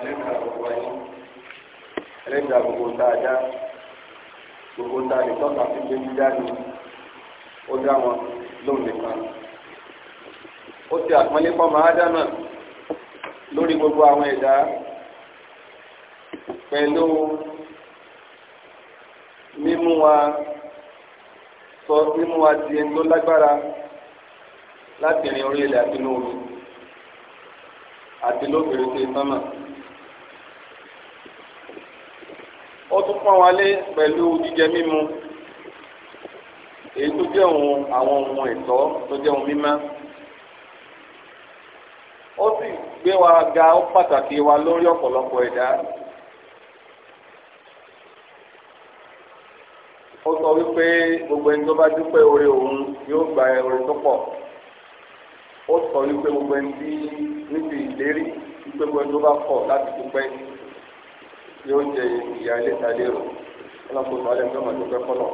ẹlẹ́dàá gbogbo ayé ẹlẹ́dàá gbogbo tá a dá gbogbo tá a lè tọ́ka sí pé dídá ni ó dá wọn lóun nìkan ó ti àpọ́nlé fọ́mọ ádámà lórí gbogbo àwọn ẹ̀dá pẹ̀lú mímú wa sọ mímú wa di ẹni tó lágbára láti rìn orí ilẹ̀ àti lóòrùn àti lóbìnrin tó ń sánmà. pọ́n wa lé pẹ̀lú jíjẹ mímu èyí tó jẹ́ òun àwọn ohun ẹ̀tọ́ tó jẹ́ òun mímá ó sì gbé wa ga ó pàtàkì wa lórí ọ̀pọ̀lọpọ̀ ẹ̀dá ó sọ wípé gbogbo ẹni tó bá dúpẹ́ oore òun yóò gba oore tó pọ̀ ó sọ wípé gbogbo ẹni tí níbi ìlérí wípé gbogbo ẹni tó bá kọ̀ láti dúpẹ́ yìí yóò jẹ ìyá ilé talérò ọlọ́kùnrin alẹ́ tó máa dúpẹ́ kọ́lọ̀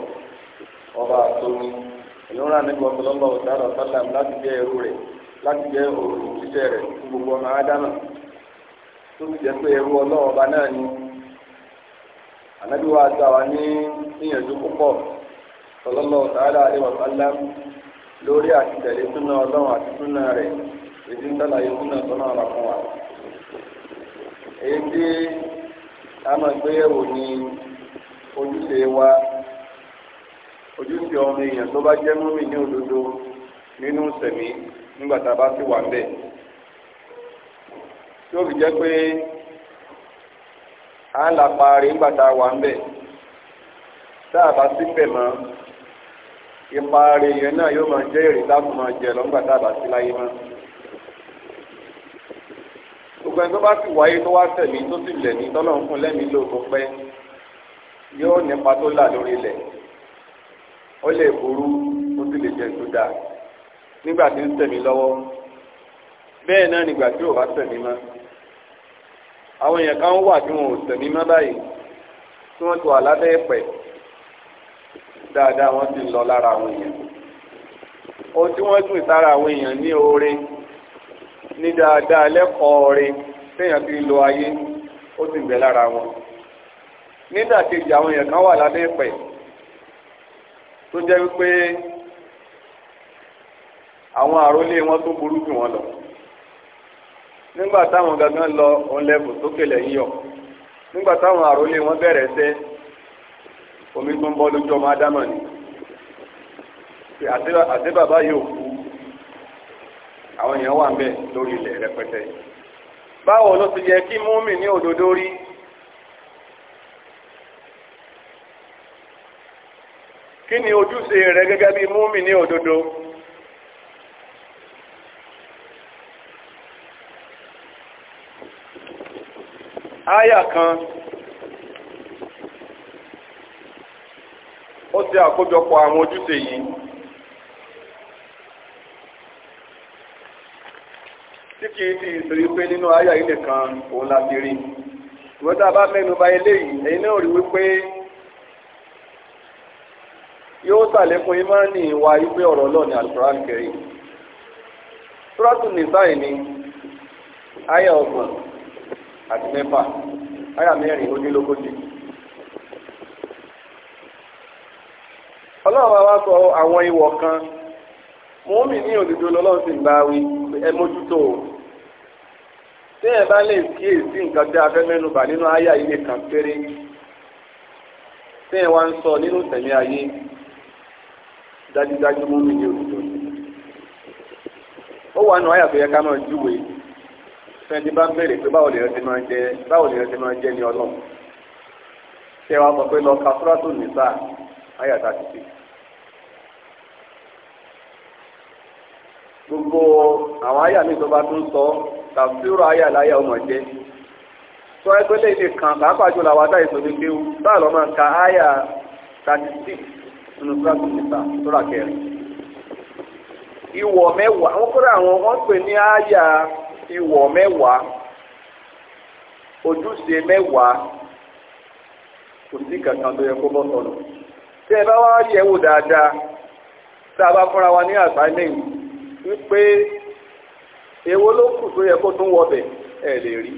ọba àtọ́ni ìlúra nígbà ọ̀pọ̀lọpọ̀ ọ̀tàrà sálàm láti jẹ́ ẹrú rẹ̀ láti jẹ́ òòrùn jíjẹ́ rẹ̀ fún gbogbo ọmọ ádámà tó ti jẹ́ pé ẹrú ọlọ́ọ̀ba náà ni ànábì wa ta wa ní níyànjú púpọ̀ ọlọ́lọ́ ọ̀tàrà àríwá sálàm lórí àti tẹ̀lé súnà ọlọ́run àti súnà rẹ̀ èdè ń tàlàyé súnà sọ́nà ọ̀rọ̀ fún wa. èyí àmọ́ ìgbéyẹ̀wò ni ojúṣe wa ojúṣe ọmọ èèyàn tó bá jẹ́ múmi ní òdodo nínú sẹ̀mí nígbà tá a bá sì wà ń bẹ̀. tí ó fi jẹ́ pé à ń la parí nígbà tá a wà ń bẹ̀ tá a bá sí bẹ̀ mọ́ ìparí yẹn náà yóò máa jẹ́ èrè tá a fún máa jẹ lọ nígbà tá a bá sí láyé mọ́ gbogbo ẹni tó bá sì wáyé tó wá tẹ̀lé tó sì lẹ̀ ní tọ́lọ̀ ń fún lẹ́mìí lóko pẹ́ yóò nípa tó là lórí ilẹ̀ ó lè burú ó sì lè jẹ tó dáa nígbà tí ń tẹ̀mí lọ́wọ́ bẹ́ẹ̀ náà nígbà tí ò bá tẹ̀mí mọ́ àwọn èèyàn kan wà tí wọn ò tẹ̀mí mọ́ báyìí tí wọ́n ti wà lábẹ́ ẹ̀pẹ̀ dáadáa wọ́n ti lọ lára àwọn èèyàn ohun tí wọ́n dùn sára àwọn èèyàn ní oore ní dáadáa lẹ́kọ̀ọ́ rẹ̀ téèyàn fi lo ayé ó sì bẹ̀ lára wọn nígbà kejì àwọn èèyàn kan wà lábẹ́ ìpẹ́ tó jẹ́ wípé àwọn àrólé wọn tó burú jù wọn lọ nígbà táwọn gangan lọ òun lẹ́bùn sókè lẹ́yìn yọ nígbà táwọn àrólé wọn bẹ̀rẹ̀ sẹ́ omi tó ń bọ́ lójú ọmọ ádámọ̀ ni àti bàbá yìí òkú àwọn èèyàn wà ń bẹ lórí ilẹ̀ rẹpẹtẹ báwo ló ti yẹ kí múmi ní òdodo rí kí ni ojúṣe rẹ gẹ́gẹ́ bí múmi ní òdodo áyà kan ó ti àkójọpọ̀ àwọn ojúṣe yìí tí kì í ti ìsòrí pé nínú àyà ilé kan òun la ti rí ìwọ́n tá a bá mẹ́nu bà eléyìí ẹ̀yin náà rí wípé yóò sàlékún ìmánì wa wípé ọ̀rọ̀ náà ní alukoran kẹrin túrọ́tù nìsáì ni àyà ọgbọ̀n àti mẹ́fà àyà mẹ́rin onílógójì. ọlọ́run wa sọ àwọn ìwọ̀ kan mọ́mí ní òdodo lọ́lọ́run sì ẹ mójútó o. tí ẹ bá lè kíyèsí nǹkan tí a fẹ́ mẹ́nubà nínú àyà ilé kan péré tí ẹ wá ń sọ nínú tẹ̀mí ayé dájúdájú mú mi ní òdodo ó wà nù àyà tó ká máa júwe fẹ́ni bá pé báwo ti máa jẹ báwo ti máa jẹ ní ọlọ́run tí ẹ wá sọ gbogbo àwọn aya mi tó tàbílù ayé àláyà ọmọ jẹ́ tó ẹgbẹ́ lè lè kàn pàápàá jù làwọn àtàyè tó lè kéwú báà lọ́mọ ka ayà 36 nínú sọ́ọ̀tù níta tó rà kẹrin ìwọ̀ mẹ́wàá wọ́n kọ́ra àwọn wọ́n pè ní ayà ìwọ̀ mẹ́wàá ojúṣe mẹ́wàá kò sí kankan tó yẹ kó bọ́ sọ̀rọ̀ tí ẹ bá wá yẹ̀wò dáadáa tá a bá fúnra wa ní àgbáyé wípé èwo ló kù tó yẹ kó tún wọbẹ̀ ẹ̀ lè rí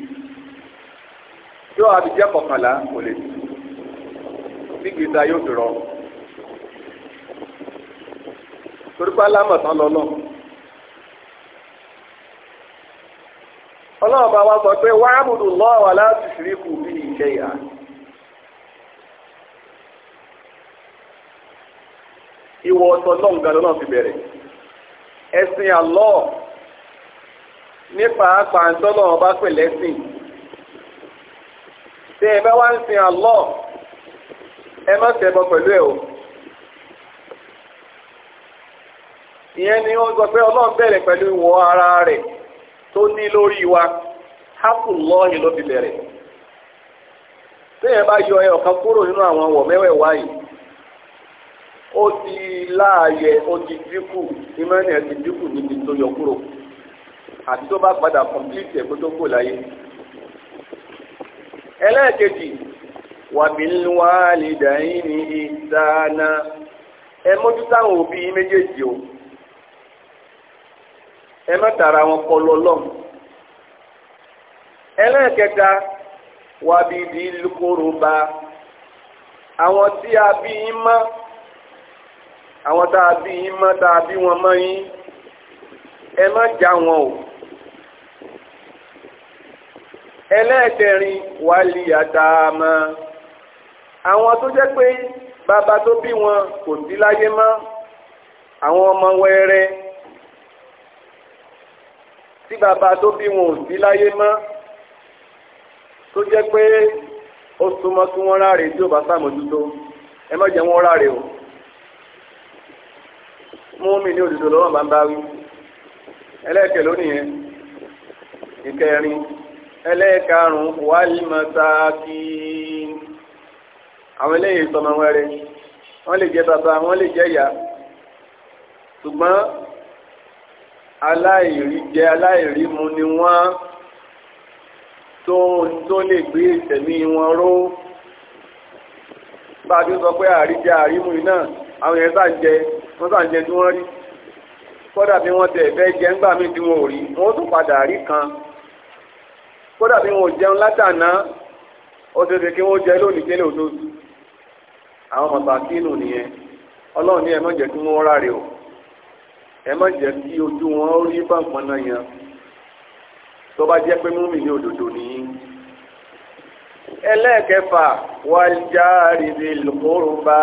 yóò àbíjẹ́ kọkànlá kò lè tù bí gbèsè ayé òbí rọ torí pé alámọ̀tán bá wá sọ pé ga lọ́nà fi bẹ̀rẹ̀ ẹ̀sìn ní pàápàá ń tọ́lọ̀ ọba pẹ̀lẹ́ sìn tí ẹ bá wá ń sin Allah ẹ pẹ̀lú ẹ o ìyẹn ni ó sọ pé ọlọ́run bẹ̀rẹ̀ pẹ̀lú ara rẹ̀ tó ní lórí wa hápù lọ́ọ̀hìn ló ti bẹ̀rẹ̀ tí bá yọ ẹyọ̀kan kúrò nínú àwọn ọ̀wọ̀ mewe yìí ó ti láàyè ó ti dínkù ìmọ̀ ẹ̀ ti àti tó bá padà kọ̀m̀plìtì ẹ̀kọ́ tó kò láyé ẹlẹ́ẹ̀kejì wà bí ń wá lè dàí ní ìdáná ẹ mójú táwọn òbí méjèèjì o ẹ má tara wọn kọ lọ́lọ́ ẹlẹ́ẹ̀kẹta wà bí di lukoro ba àwọn tí a bí yín mọ́ àwọn tá a bí yín mọ́ tá a bí wọn mọ́ yín ẹ má já wọn o ẹlẹ́ẹ̀kẹrin wálé àtàmà àwọn tó jẹ́ pé bàbá tó bí wọn kò sí láyé mọ́ àwọn ọmọ wẹrẹ tí bàbá tó bí wọn ò sí láyé mọ́ tó jẹ́ pé ó súnmọ́ kí wọ́n ráre tí ó bá sàmójútó ẹ má jẹ́ wọ́n o múmi ní òdodo lọ́wọ́ bá ń bá wí ẹlẹ́ẹ̀kẹ́ lónìí yẹn ìkẹrin ẹlẹ́ẹ̀karùn-ún wàlímọ̀sáàkín àwọn eléyìí sọmọ wẹrẹ wọ́n lè jẹ́ bàbá wọ́n lè jẹ́ ìyá ṣùgbọ́n aláìrí jẹ aláìrí mu ni wọ́n tó tó lè gbé ìtẹ̀mí wọn ró bájú sọ pé àríjẹ àrímú iná àwọn yẹn sáà jẹ wọ́n sáà jẹ tí wọ́n rí kódà bí wọ́n tẹ̀ fẹ́ jẹ ńgbà míì tí wọ́n ò rí wọ́n tún padà rí kan kódà bí wọn ò jẹun látàná ó ti di kí wọ́n jẹ lónìí kí lè òtútù àwọn mọ̀tàkínù nìyẹn ọlọ́run ní ẹ má jẹ́ kí wọ́n ráre o ẹ má jẹ́ kí ojú wọn rí bàǹkan náà yan tó bá jẹ́ pé múmi ní òdòdó nìyí. ẹlẹ́ẹ̀kẹfà wàlíjàre ní lùkúrúbá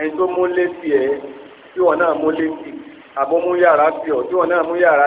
ẹni tó mú létí ẹ tí wọn náà mú létí àbọ̀mú yàrá sí tí wọn náà mú yàrá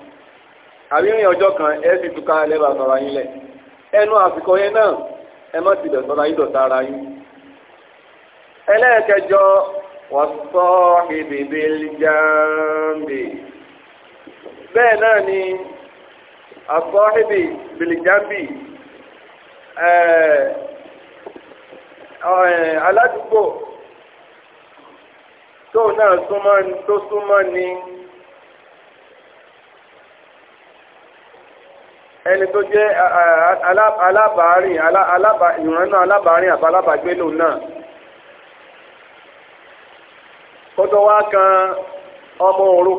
àríyìn ọjọ́ kan ẹ sì túká lẹ́bà sọ̀rọ̀ yín lẹ̀ ẹnu àsìkò yẹn náà ẹ má ti dẹ̀ sọ̀rọ̀ yín dọ̀tá ara yín. ẹlẹ́ẹ̀kẹjọ wọ́n sọ ìbèbè lìjàmbè bẹ́ẹ̀ náà ni àsọ ìbè bìlìjàmbè aládùúgbò tó náà súnmọ́ ni. ẹni tó jẹ́ alábàárìn ìrànnà alábàárìn àbá alábàágbé lòun náà kó tó kan ọmọ oru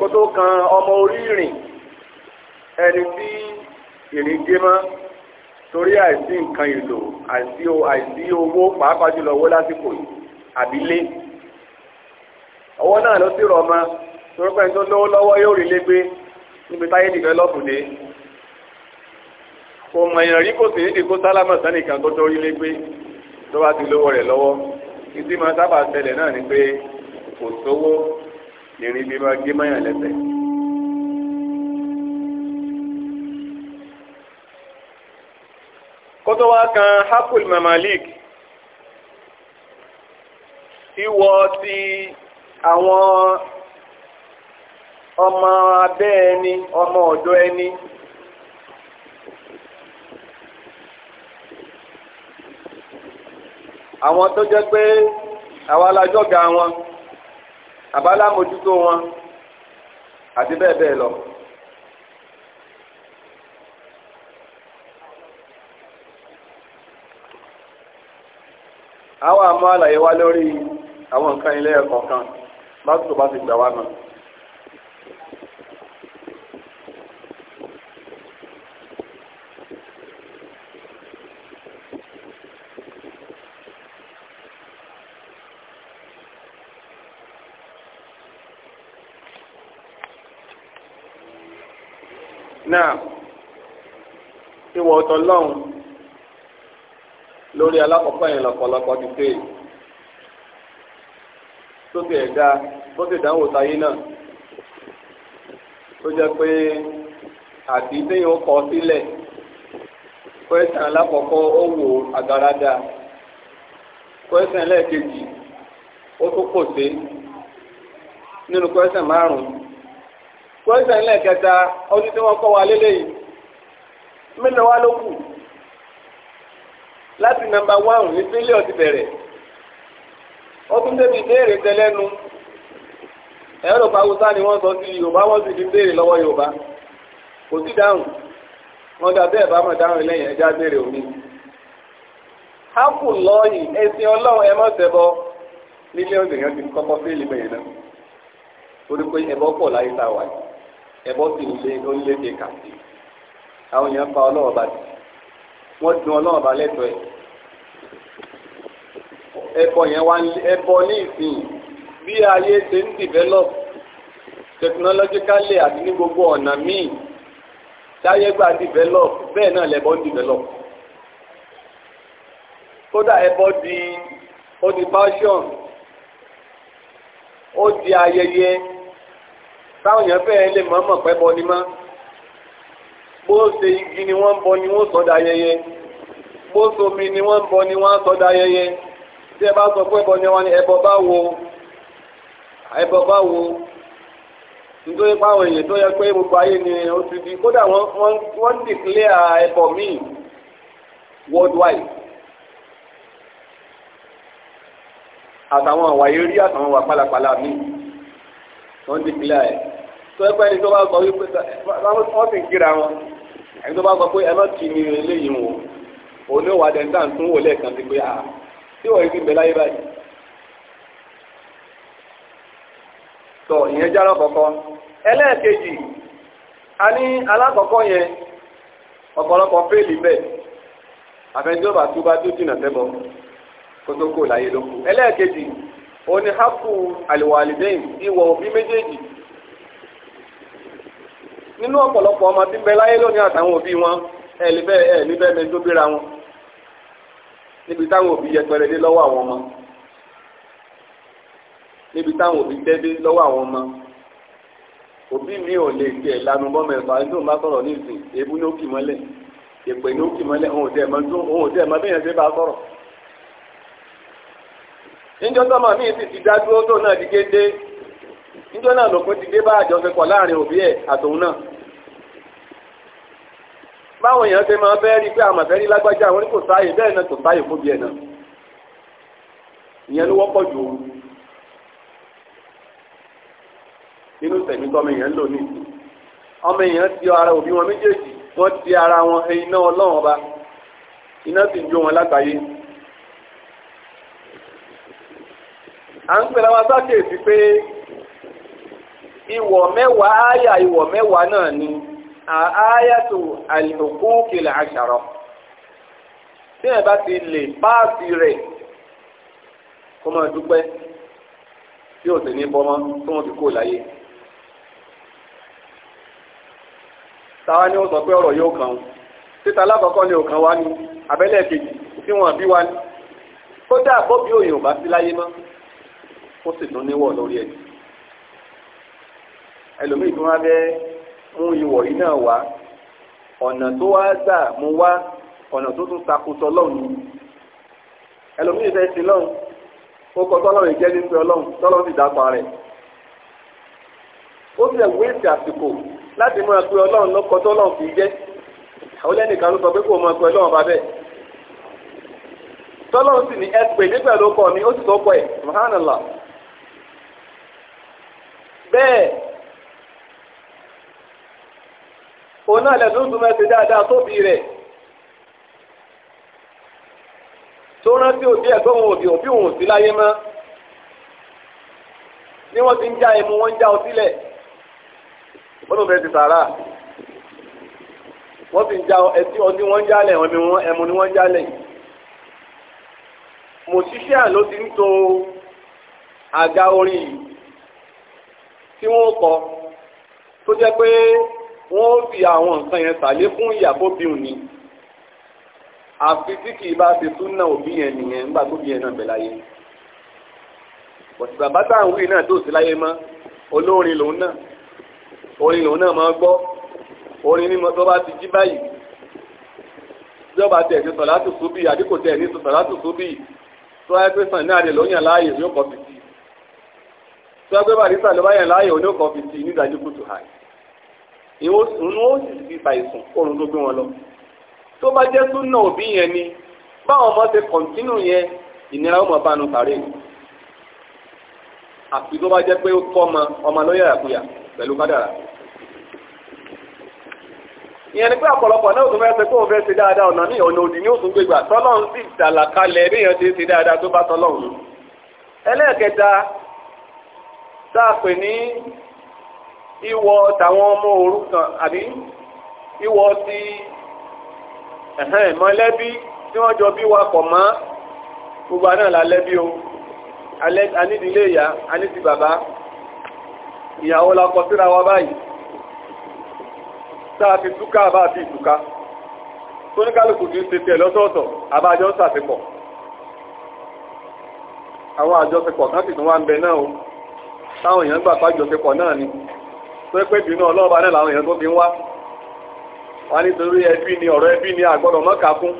kó tó kan ọmọ orí ìrìn ẹni tí ìrìn gé torí àìsí nǹkan èlò àìsí owó pàápàá jùlọ owó lásìkò àbílé ọwọ́ náà rọ̀ torí pé tó lówó lọ́wọ́ yóò rí lé gbé níbi táyé dìvẹ́lọ́pù dé kò mọ̀ èèyàn rí kò sì ní ìdíkó sálámà sánìkan tó torí lé gbé tó bá ti lówó rẹ̀ lọ́wọ́ ìdí máa sábà ṣẹlẹ̀ náà ni pé kò sówó ìrìn bí máa gé mọ́yàn lẹ́sẹ̀. kótó wá kan hakul mamalik ìwọ ti àwọn ọmọ abẹ́ ẹni ọmọ ọ̀dọ̀ ẹni àwọn tó jẹ́ pé àwọn alájọ́gà wọn àbálámójútó wọn àti bẹ́ẹ̀ bẹ́ẹ̀ lọ. àwọn àmọ́ àlàyé wa lórí àwọn nǹkan ilé ẹ̀kọ́ kan bá tó bá ti gbà wá náà. naa ìwọ ọ̀tọ̀ lọ́hùn lórí alákọ̀ọ́kọ́ yẹn lọ́kọ̀lọ́kọ̀ ti pé tó ti ẹ̀dá tó ti dánwò sáyé náà tó jẹ́ pé àti téèyàn kọ sílẹ̀ kwẹ́sàn alákọ̀ọ́kọ́ ó wò àgàràdà kwẹ́sàn lẹ́ẹ̀kejì ó nínú pọ́ńsẹ̀ ńlẹ̀ kẹta ọdún tí wọ́n kọ́ wa lélẹ̀ yìí mélòó wa ló kù láti nàmbà wáhùn ní sílíọ̀ ti bẹ̀rẹ̀ ọdún béèrè ẹ̀rọ ni wọ́n sọ sí Yorùbá wọ́n sì fi béèrè lọ́wọ́ Yorùbá kò sí dáhùn dà bẹ́ẹ̀ bá mọ̀ dáhùn béèrè omi. hákù ẹ̀sìn ọlọ́run ti kọ́kọ́ fẹ́ẹ́lì bẹ̀yẹn náà torí pé ẹ̀bọ́ ẹbọ sì ń lé ó ń lé de kàtí àwọn èèyàn pa ọlọ́wọ́ bá ti wọ́n dun ọlọ́wọ́ bá lẹ́tọ̀ọ́ ẹ̀ ẹbọ yẹn wá ẹbọ ní ìsìn bí ayé ṣe ń develop technologically àti ní gbogbo ọ̀nà míì táyé gbà develop bẹ́ẹ̀ náà lẹ́bọ ń develop kódà ẹbọ di ó di passion ó di ayẹyẹ táwọn èèyàn fẹ́ lè mọ̀ mọ̀ pẹ́ bọ ni mọ́ bó ṣe igi ni wọ́n ń bọ ni wọ́n sọ da ayẹyẹ bó ṣomi ni wọ́n ń bọ ni wọ́n sọ da ayẹyẹ tí ẹ bá sọ pé ẹbọ ni wọn ni ẹbọ bá wo ẹbọ bá wo nítorí páwọn èèyàn tó yẹ pé gbogbo ayé ni ó ti di kódà wọ́n wọ́n dìklẹ́à ẹbọ míì worldwide àtàwọn àwàyé rí àtàwọn wà pálapàla míì wọ́n ti kílẹ̀ ẹ̀ tó ẹgbẹ́ ẹni tó bá gbọ́ wípé wọ́n sì ń kíra wọn ẹni tó bá gbọ́ pé ẹlọ́ ti ní eléyìí wò òní wà dẹ́ńtà ń tún wò lẹ́ẹ̀kan ti pé à tí wọ́n yìí ti bẹ̀ láyé báyìí. tó ìyẹn jẹ́ alákọ̀ọ́kọ́ ẹlẹ́ẹ̀kejì a ní alákọ̀ọ́kọ́ yẹn ọ̀pọ̀lọpọ̀ fẹ́ẹ̀lì bẹ́ẹ̀ àfẹnjọba tó bá tó jìnnà tẹ́bọ̀ kótó kò láyé lóko ẹlẹ́ẹ̀kejì ó ní hapu aliwalidain ìwọ òbí méjèèjì nínú ọ̀pọ̀lọpọ̀ ọmọ tí ń bẹ láyé lónìí àtàwọn òbí wọn ẹ ní bẹ́ẹ̀ ẹ ní bẹ́ẹ̀ mẹ́ni tó bíra wọn níbi táwọn òbí yẹpẹrẹ dé lọ́wọ́ àwọn ọmọ níbi táwọn òbí tẹ́ dé lọ́wọ́ àwọn ọmọ òbí mi ò lè tiẹ̀ lanu bọ́mọ ẹ̀fọ́ àti tóun bá sọ̀rọ̀ ní ìsìn èébú ní ó kì mọ́lẹ̀ èpè ní ó kì mọ́lẹ̀ òun ò tẹ̀ mọ́ bẹ́yẹn ṣe bá sọ̀rọ̀ níjọ́ tọ́mọ míì sì ti dá dúró tó náà di gédé níjọ́ náà lòpin ti dé bá àjọṣepọ̀ láàrin òbí ẹ̀ àtòun náà báwọn èèyàn ṣe máa fẹ́ rí pé àmọ̀fẹ́ rí lágbájá àwọn oníkò sáàyè bẹ́ẹ̀ náà kò sáàyè fún bí ẹ̀ náà ìyẹn ló wọ́pọ̀ jù ooru nínú tẹ̀mí tọ́mọ èèyàn lò ní ìsìn ọmọ èèyàn ti ara òbí wọn méjèèjì wọ́n ti ara wọn iná ọlọ́run ọba iná sì ń jó wọn lágbàáyé à ń pèrè wa sákèsí pé ìwọ̀ mẹ́wàá áyà ìwọ̀ mẹ́wàá náà ni àáyàtò àlùkùnkìlà àṣàrọ̀ tí ẹ̀ bá ti lè páàsì rẹ̀ kó máa dúpẹ́ tí ò sì ní bọ́mọ́ tó wọ́n fi kó láyé. táwa ni ó sọ pé ọ̀rọ̀ yóò kàn án títa alákọ̀ọ́kọ́ ni òkan wá ní abẹ́lẹ̀ kejì tí wọ́n bí wá ní kódà bóbi òyìnbó bá sí láyé mọ́ ó sì tún níwọ̀ lórí ẹ̀ ẹlòmíì tó wá bẹ́ mú ìwọ̀ yìí náà wá ọ̀nà tó wá gbà mú wá ọ̀nà tó tún takùtọ̀ ọlọ́run ẹlòmíì fẹ́ sí lọ́run ó kọ tọ́lọ́run jẹ́ nípe ọlọ́run tọ́lọ́run sì dápa rẹ̀ ó sì ẹ̀wé èsì àsìkò láti múra pé ọlọ́run lọ́kọ́ tọ́lọ́run fi jẹ́ àwọn lẹ́nìkan ló sọ pé kò mọ pé ọlọ́run bá bẹ́ẹ̀ tọ́lọ́run sì ní ẹ pè nígbà ló kọ mi ó sì tó kọ ẹ̀ mahanala bẹ́ẹ̀ òun náà lẹ́nu ń dùnmọ́ ẹsẹ̀ dáadáa tóbi rẹ̀ tó rántí òbí ẹ̀gbọ́n òun òbí òbí òun sí láyé mọ́ ni wọ́n ti ń já ẹmu wọ́n ń já ọtílẹ̀ wọ́n ló ti sàrà wọ́n ti ń já ẹtí ọtí wọ́n ń jálẹ̀ ẹmu ni wọ́n ń jálẹ̀ mòṣíṣíà ló ti ń to àga orin yìí tí wọ́n kọ tó jẹ́ pé wọ́n fi àwọn nǹkan yẹn tàlé ìyàbó bí òun ni àfi tí kì í bá ti súnà òbí yẹn nìyẹn nígbà tó bí yẹn náà bẹ̀ láyé bọ̀sùn bàbá táwọn wí náà tó sí láyé mọ́ olórin lòun náà orin lòun náà máa gbọ́ orin ní mo tó bá ti jí báyìí ìjọba tẹ̀ ní sọ̀látù súbì àdínkù tẹ̀ ní sọ̀látù súbì tó ayé pé sàn ní àdè lóyìn aláàyè yóò kọ́ sí sọgbẹ́ barista ló bá yẹn láàyè òní òkan fi ti nídàájú kùtù hà ìwọ sùnú sì fi ṣàìsùn oorun tó gbé wọn lọ tó bá jẹ́ súnà òbí yẹn ni báwọn ọmọ ṣe kọ̀ǹtínù yẹn ìnira ọmọ bá nu sàré àfi tó bá jẹ́ pé ó kọ́ ọmọ ọmọ ló yàrá pẹ̀lú kádàrà ìyẹn ni pé ọ̀pọ̀lọpọ̀ náà tún fẹ́ ṣe kóun fẹ́ ṣe dáadáa ọ̀nà ní ọ̀nà òdì gbégbà sáàpè ní ìwọ tàwọn ọmọ òrukàn àbí ìwọ ti mọ̀lẹ́bí tí wọ́n jọ bí wa pọ̀ mọ́ gbogbo àná la lẹ́bí o anídìílé ìyá anídìí bàbá ìyàwó la kọ síra wa báyìí sáà fi túká àbá àti ìtúká tóníkálùkù kì í ṣe tiẹ̀ lọ́sọ̀ọ̀sọ̀ àbájọ ń àwọn àjọṣepọ̀ kan sì tún wá ń bẹ náà o. táwọn èèyàn gbà pọ̀ náà ni tó pé bínú ọlọ́ọ̀bá náà làwọn èèyàn tó fi ń wá wá nítorí ẹbí ni ọ̀rọ̀ ẹbí ni àgbọ̀dọ̀ mọ́ka fún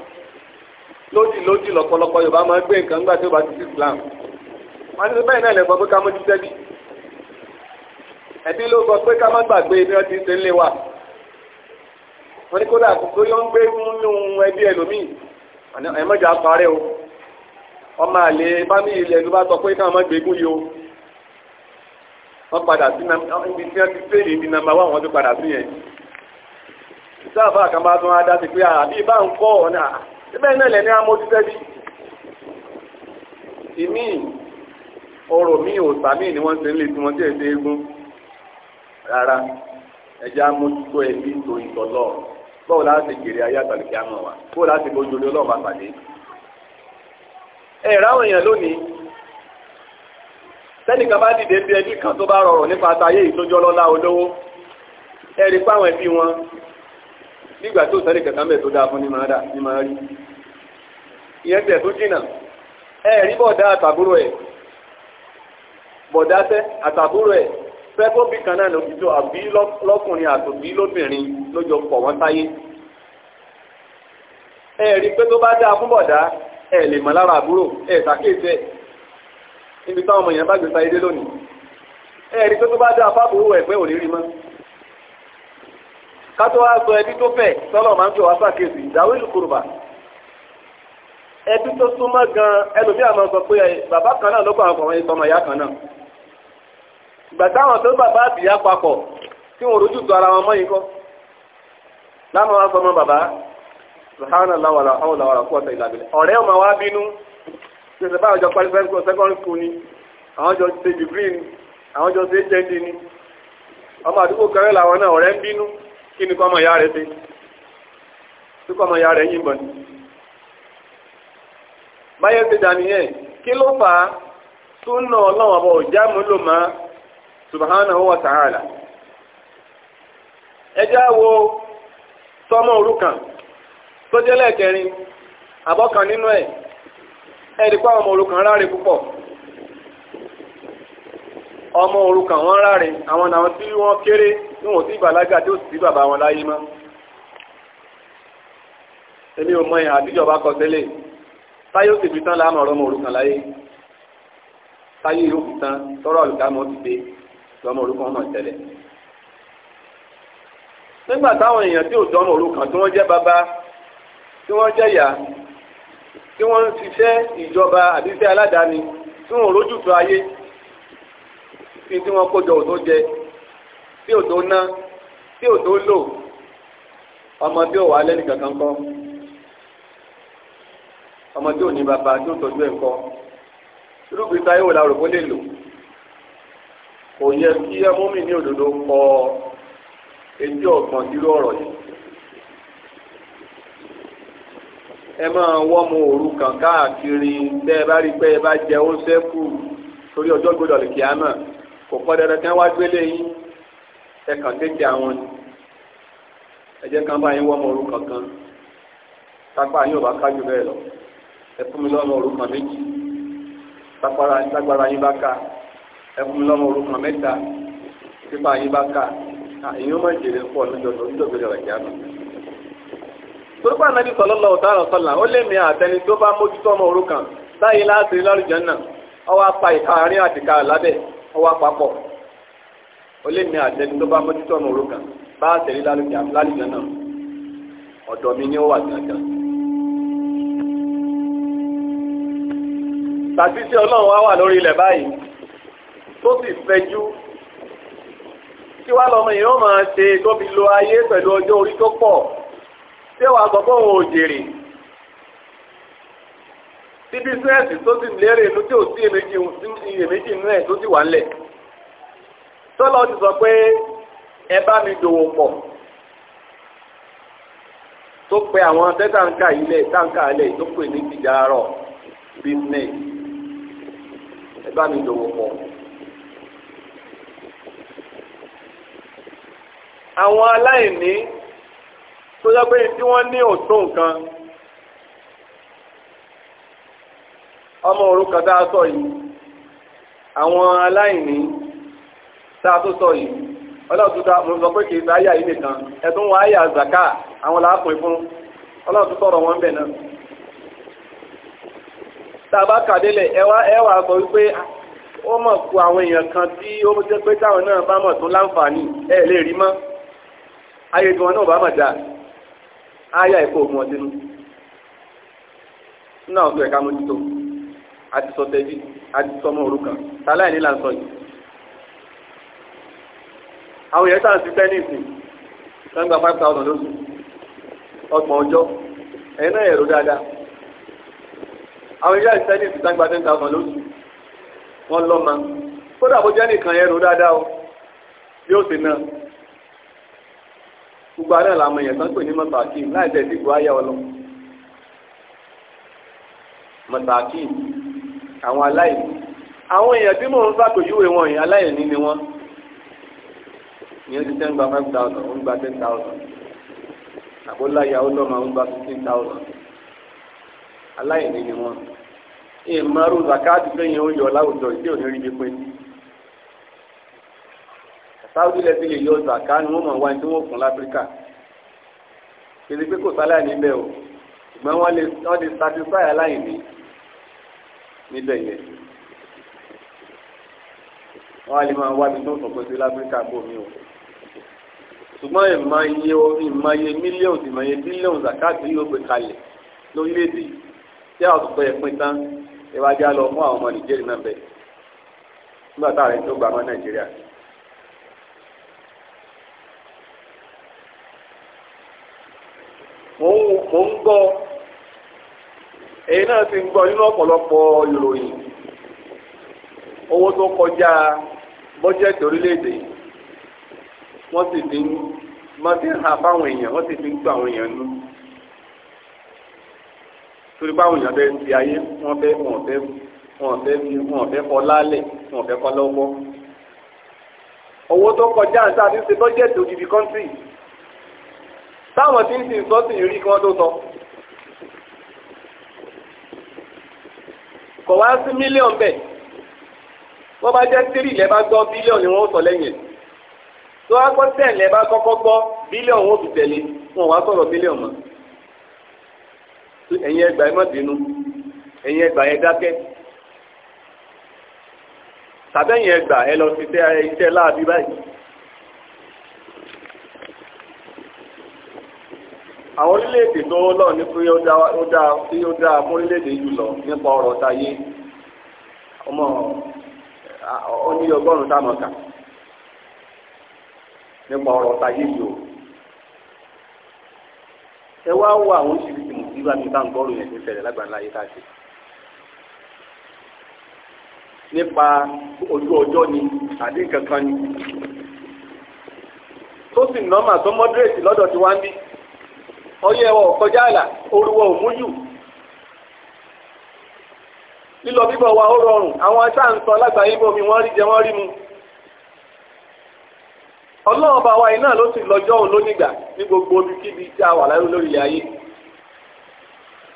lójì lójì lọ́pọ̀lọpọ̀ Yorùbá máa ń gbé nǹkan gbà tí ó bá ti Islam wá nítorí bẹ́ẹ̀ náà lẹ́gbọ́n pé ká mọ́ Ebi bì ẹbí ló gbọ́ pé ká má gbàgbé bí wọ́n ti ṣe ń lé wa wọ́n ní kódà ń gbé nínú ẹbí ẹlòmíì ẹ̀mọ́jà parẹ́ o ọmọ àlè ilẹ̀ ló bá sọ wọ́n padà sí ibi tí wọ́n ti fèrè ibi nàmbà wà wọ́n tó padà sí yẹn sáàfà kan bá tún adá sí pé àbí ah, bá ń kọ́ ọ̀nà ẹgbẹ́ ah, náà lẹ́ni amójútẹ́ bí ìmí ọ̀rọ̀ mi ò sàmì ni wọ́n ṣe ń lè tí wọ́n tẹ̀ ṣe égún rárá ẹ̀jẹ̀ amójútó ẹbí tó ìtọ́lọ́ bọ́ọ̀ láti gèrè ayé àtàlùkẹ́ àmọ́ wa bọ́ọ̀ láti bójú olóòlọ́ọ̀ bá tẹ́nìkan bá dìde bí ẹbí kan tó bá rọrọ nípa àtàyè ìtójọ́ lọ́lá olówó ẹ̀rí páwọn ẹbí wọn nígbà tó sẹ́nì kankan bẹ̀ tó dáa fún ní máa rí ìyẹn tẹ̀ tó jìnà ẹ̀rí bọ̀dá àtàbúrò ẹ̀ bọ̀dá tẹ́ àtàbúrò ẹ̀ fẹ́fọ́ bí kan náà ló àbí lọ́kùnrin àtòbí lóbìnrin lójó pọ̀ wọ́n táyé ẹ̀rí pé tó bá dáa fún bọ̀dá ẹ̀ lè mọ̀ lára àbúrò ẹ̀ níbi táwọn ọmọ èèyàn bá gbèsè ayé dé lónìí ẹ̀rí tó tó bá dá afábòwò ẹ̀pẹ́ ò ní rí mọ́ kátó wá sọ ẹbí tó fẹ̀ sọ́lọ̀ máa ń fi wàásù àkèsì ìdáwó ìlú kùrùbà ẹbí tó súnmọ́ gan ẹlòmíà máa sọ pé bàbá kan náà ló kọ́ àwọn ọmọ ìtọ́mọ ìyá kan náà ìgbà táwọn tó bàbá àtìyá papọ̀ tí wọn rojú tó ara wọn mọ́ yìí kọ́ láwọn wá sọ ọmọ bàbá subhanallah wàlà àwọn làwọn àkúwàtà ìlàbílẹ̀ ṣẹ̀ṣẹ̀ báyọ̀ jọ parí fẹ́ńkù sẹ́kọ́ndì skul ni àwọn jọ ṣe ni àwọn jọ ṣe ni ọmọ àdúgbò kẹrẹ́ làwọn náà ọ̀rẹ́ bínú kí ni kọ́mọ ìyá rẹ̀ ṣe tí kọ́mọ ìyá rẹ̀ yìnbọn ni. báyọ̀ ṣe kí ló fà á súnà ọ̀bọ̀ múlò mọ́ wo sọmọ òrukàn tó jẹ́ lẹ́ẹ̀kẹrin àbọ̀kan nínú ẹ̀ ẹ̀rí pé ọmọ òrukàn ráre púpọ̀ ọmọ òrukàn wọn ráre àwọn àwọn tí wọ́n kéré tí wọ́n ti bàlágà tí ó sì sí bàbá wọn láyé mọ́ èmi ò mọ ìhà tíjọba kọ sílẹ̀ táyé ó sì fi tán láàmú ọ̀rọ̀ ọmọ òrukàn láyé táyé yóò fi tán tọ́rọ̀ olùdámọ̀ ti dé lọ́mọ òrukàn náà tẹ̀lẹ̀ nígbà táwọn èèyàn tí ò jọmọ òrukàn tí wọ́n jẹ́ bàbá tí wọ́n jẹ́ ìyá tí wọ́n ń ṣiṣẹ́ ìjọba àbíṣẹ́ aládàáni tí wọ́n rójútó ayé fi tí wọ́n kójọ òtó jẹ tí òtó ná tí òtó lò ọmọ tí ò wà lẹ́nu kankan kọ́ ọmọ tí ò ní bàbá tí ó tọ́jú ẹ̀ kọ́ irúgbìn táyé wò láwùrọ̀ lè lò kò yẹ kí ẹmú ní òdodo kọ etí ọ̀gbọ̀n dírú ọ̀rọ̀ yìí. ẹ máa wọ́n mu òru kàn káàkiri tẹ́ ẹ bá rí pé ẹ bá jẹ ó sẹ́kù torí ọjọ́ gbọdọ̀ lè kí á mọ̀ kò pọ́ dandan kí wọ́n wá gbélé yín ẹ kàn kéde àwọn ni ẹ jẹ́ kán bá yín wọ́n mu òru kankan tápá yín ò bá kájú bẹ́ẹ̀ lọ ẹ fún mi lọ́mọ òru kan méjì tágbára yín bá ká ẹ fún mi lọ́mọ òru kan mẹ́ta pípa yín bá ká àyìn ó má jèrè pọ̀ lójọ́ tó ń dọ̀gbẹ́dọ̀ rẹ̀ torípa nàbí sọlọ́lọ́ ọ̀tàrà sọlá ó lè mẹ́ àtẹni tó bá mójútó ọmọ òrukàn láyé láti rí jẹ́nà ọwọ́ pa ìka àárín àtìká lábẹ́ wá papọ̀ ó lè mẹ́ àtẹni tó bá mójútó ọmọ bá ọ̀dọ̀ mi ni ó wà tàbí tí ọlọ́run wá wà lórí ilẹ̀ báyìí lo ayé pẹ̀lú ọjọ́ orí tó pọ̀ ṣé wàá sọ pé tí bísíǹsì tó ti lérè inú tí ò sí iyèméjì ẹ̀ tó ti wà ńlẹ̀ tọ́lọ́ ti sọ pé ẹ bá mi dòwò pọ̀ tó pe àwọn tẹ́tàǹkà ilẹ̀ tàǹkà ilẹ̀ tó pè ní tìjàrọ̀ business ẹ bá mi dòwò pọ̀. àwọn tó yẹ pé tí wọ́n ní òtó nǹkan ọmọ òrukàn tá a sọ yìí àwọn aláìní tá a tó sọ yìí ọlọ́run tó mo sọ pé kì í sá àyà yìí nìkan ẹ̀tún wọn àyà zaka àwọn làápin fún ọlọ́run tó sọ̀rọ̀ wọn bẹ̀ náà tá a bá kàdélẹ̀ ẹ wà sọ wípé ó mọ̀ ku àwọn èèyàn kan tí ó jẹ́ pé táwọn náà bá mọ̀ tún láǹfààní ẹ̀ lè rí mọ́ ayé tí wọn náà bá mọ̀ dáa áyà ẹ̀kọ́ ògùn ọdínú nínú àwọn tó ẹ̀ka mójútó àti sọtẹ́jì àti sọmọ òrukàn tàláì ní làǹsọ yìí àwọn èèyàn sáà ti fẹ́ ní ìsìn tó ń gba five thousand lóṣù ọgbọ̀n ọjọ́ ẹ̀yin náà èrò dáadáa àwọn èèyàn ti fẹ́ ní ìsìn tó ń gba ten thousand lóṣù wọ́n lọ́ọ́ ma kódà bó jẹ́ nìkan ẹ̀rọ dáadáa o yóò sì náà gbogbo ará làwọn èèyàn tán pè ní mọ̀tàkì láì tẹ̀ sígbó ayé ọlọ. mọ̀tàkì àwọn aláìní àwọn èèyàn tí mò ń ṣàpèjúwe wọn yìí aláìní ni wọn ìyẹn ti ten gba five thousand ó ń gba ten thousand àbóláyà ó lọ́mọ ó ń gba fifteen thousand aláìní ni wọn. ìmọ̀rún zakati fẹ́yìn ó yọ láwùjọ ìdí òní rí bí pín sáwùdí lẹ́sí lè yọ zàká ni wọ́n mọ̀ wá ní wọ́n fún láfíríkà kìí pé kò sálẹ̀ níbẹ̀ o ṣùgbọ́n wọ́n lè wọ́n lè satisfy aláìní níbẹ̀ yẹn wọ́n á lè máa wá ní tó sọ̀kọ́ sí láfíríkà bò mí o ṣùgbọ́n ìmọ̀ye ìmọ̀ye mílíọ̀nù ìmọ̀ye bílíọ̀nù zakat yóò gbé kalẹ̀ lórílẹ̀‐èdè tí a sọ yẹ pín tán ìwájú á lọ fún àwọn ọmọ Nàìjíríà náà bẹ̀ nígbà táwọn ẹni tó gbà mọ́ Nàìjíríà mò ń gbọ́ èyí náà ti ń gbọ́ nínú ọ̀pọ̀lọpọ̀ ìròyìn owó tó kọjá bọ́jẹ́tì orílẹ̀-èdè wọ́n sì ti ń wọ́n ti ń ha fáwọn èèyàn wọ́n sì ti ń gbọ́ àwọn èèyàn nú torí báwọn èèyàn bẹ́ẹ̀ ń ti ayé wọ́n fẹ́ wọ́n fẹ́ wọ́n fẹ́ wọ́n fẹ́ kọ́ lálẹ̀ wọ́n fẹ́ kọ́ lọ́wọ́ owó tó kọjá àti àti ṣe bọ́jẹ́tì odidi táwọn tí ń sìn sọ sì rí kí wọ́n tó sọ. kọ̀ wá sí mílíọ̀nù bẹ́ẹ̀ wọ́n bá jẹ́ tírì lẹ́ bá gbọ́ bílíọ̀nù ni wọ́n sọ lẹ́yìn tó wá gbọ́ tẹ̀ lẹ́ bá kọ́kọ́ gbọ́ bílíọ̀nù wọ́n fi tẹ̀lé wọn wá sọ̀rọ̀ bílíọ̀nù mọ́ ẹ̀yin ẹgbà ẹ má bínú ẹ̀yin ẹgbà ẹ dákẹ́ tàbẹ́yìn ẹgbà ẹ lọ sí iṣẹ́ láàbí báyìí. àwọn orílẹ̀-èdè tó lọ ní pé ó dáa ó dáa tí ó dáa mú orílẹ̀-èdè yìí lọ nípa ọ̀rọ̀ táyé ọmọ oní ọgọ́rùn-ún táwọn nípa ọ̀rọ̀ táyé yìí o ẹ wá wọ àwọn oṣìṣẹ́ mùsùlùmí àti báńgọ́rù yẹn ti fẹ̀rẹ̀ yìí káàkiri nípa ojú ọjọ́ ni ni tó sì nọ́mà tó lọ́dọ̀ tí Ọyọ wọn kọjá àlà oruwọ òmúyù lílọ bíbọ̀ wa ó rọrùn àwọn aṣáǹsọ lágbàáyé bòmí wọ́n rí jẹ wọ́n rí mu ọlọ́run bá wa iná ló sì lọ́jọ́ òun lónìgbà ní gbogbo omi ibikíbi tí a wà láyé lórí ilẹ̀ ayé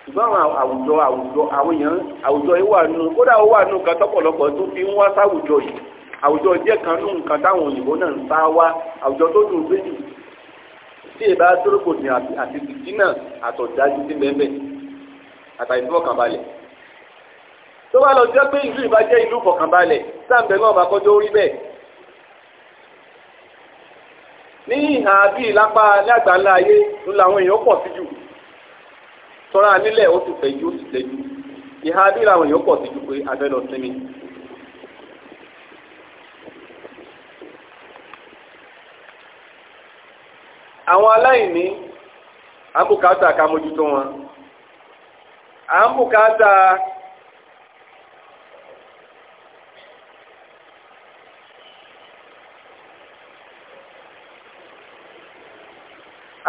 ṣùgbọ́n àwọn àwùjọ àwùjọ àwọn èèyàn àwùjọ yìí wà nù kódà ó wà nù kan tọ́pọ̀lọpọ̀ tó fi ń wá sáwùjọ yìí àwùjọ jẹ́ kan nù nǹkan táwọn òyìnbó náà ń sá wá àwùjọ tó dùn péjì tí èbá tórókò ní àti tìtínà àtọ̀dájú sí mẹ́mẹ́ àtàyè fún ọ̀kànbalẹ̀ tó bá lọ jẹ́ pé ìlú ìbá jẹ́ ìlú fọ̀kànbalẹ̀ sáǹbẹ̀ náà bá kọjọ́ orí bẹ́ẹ̀ ní ìhà bíi lápá lágbàlá ayé ń làwọn èèyàn pọ̀ sí jù tọ́ra nílẹ̀ ó ti fẹ̀ ju ó ti fẹ̀ ju ìhà bíi làwọn èèyàn pọ̀ sí jù pé abẹ́ lọ sinmi àwọn aláìní àbùkátà ká mójútó wọn à ń bùkátà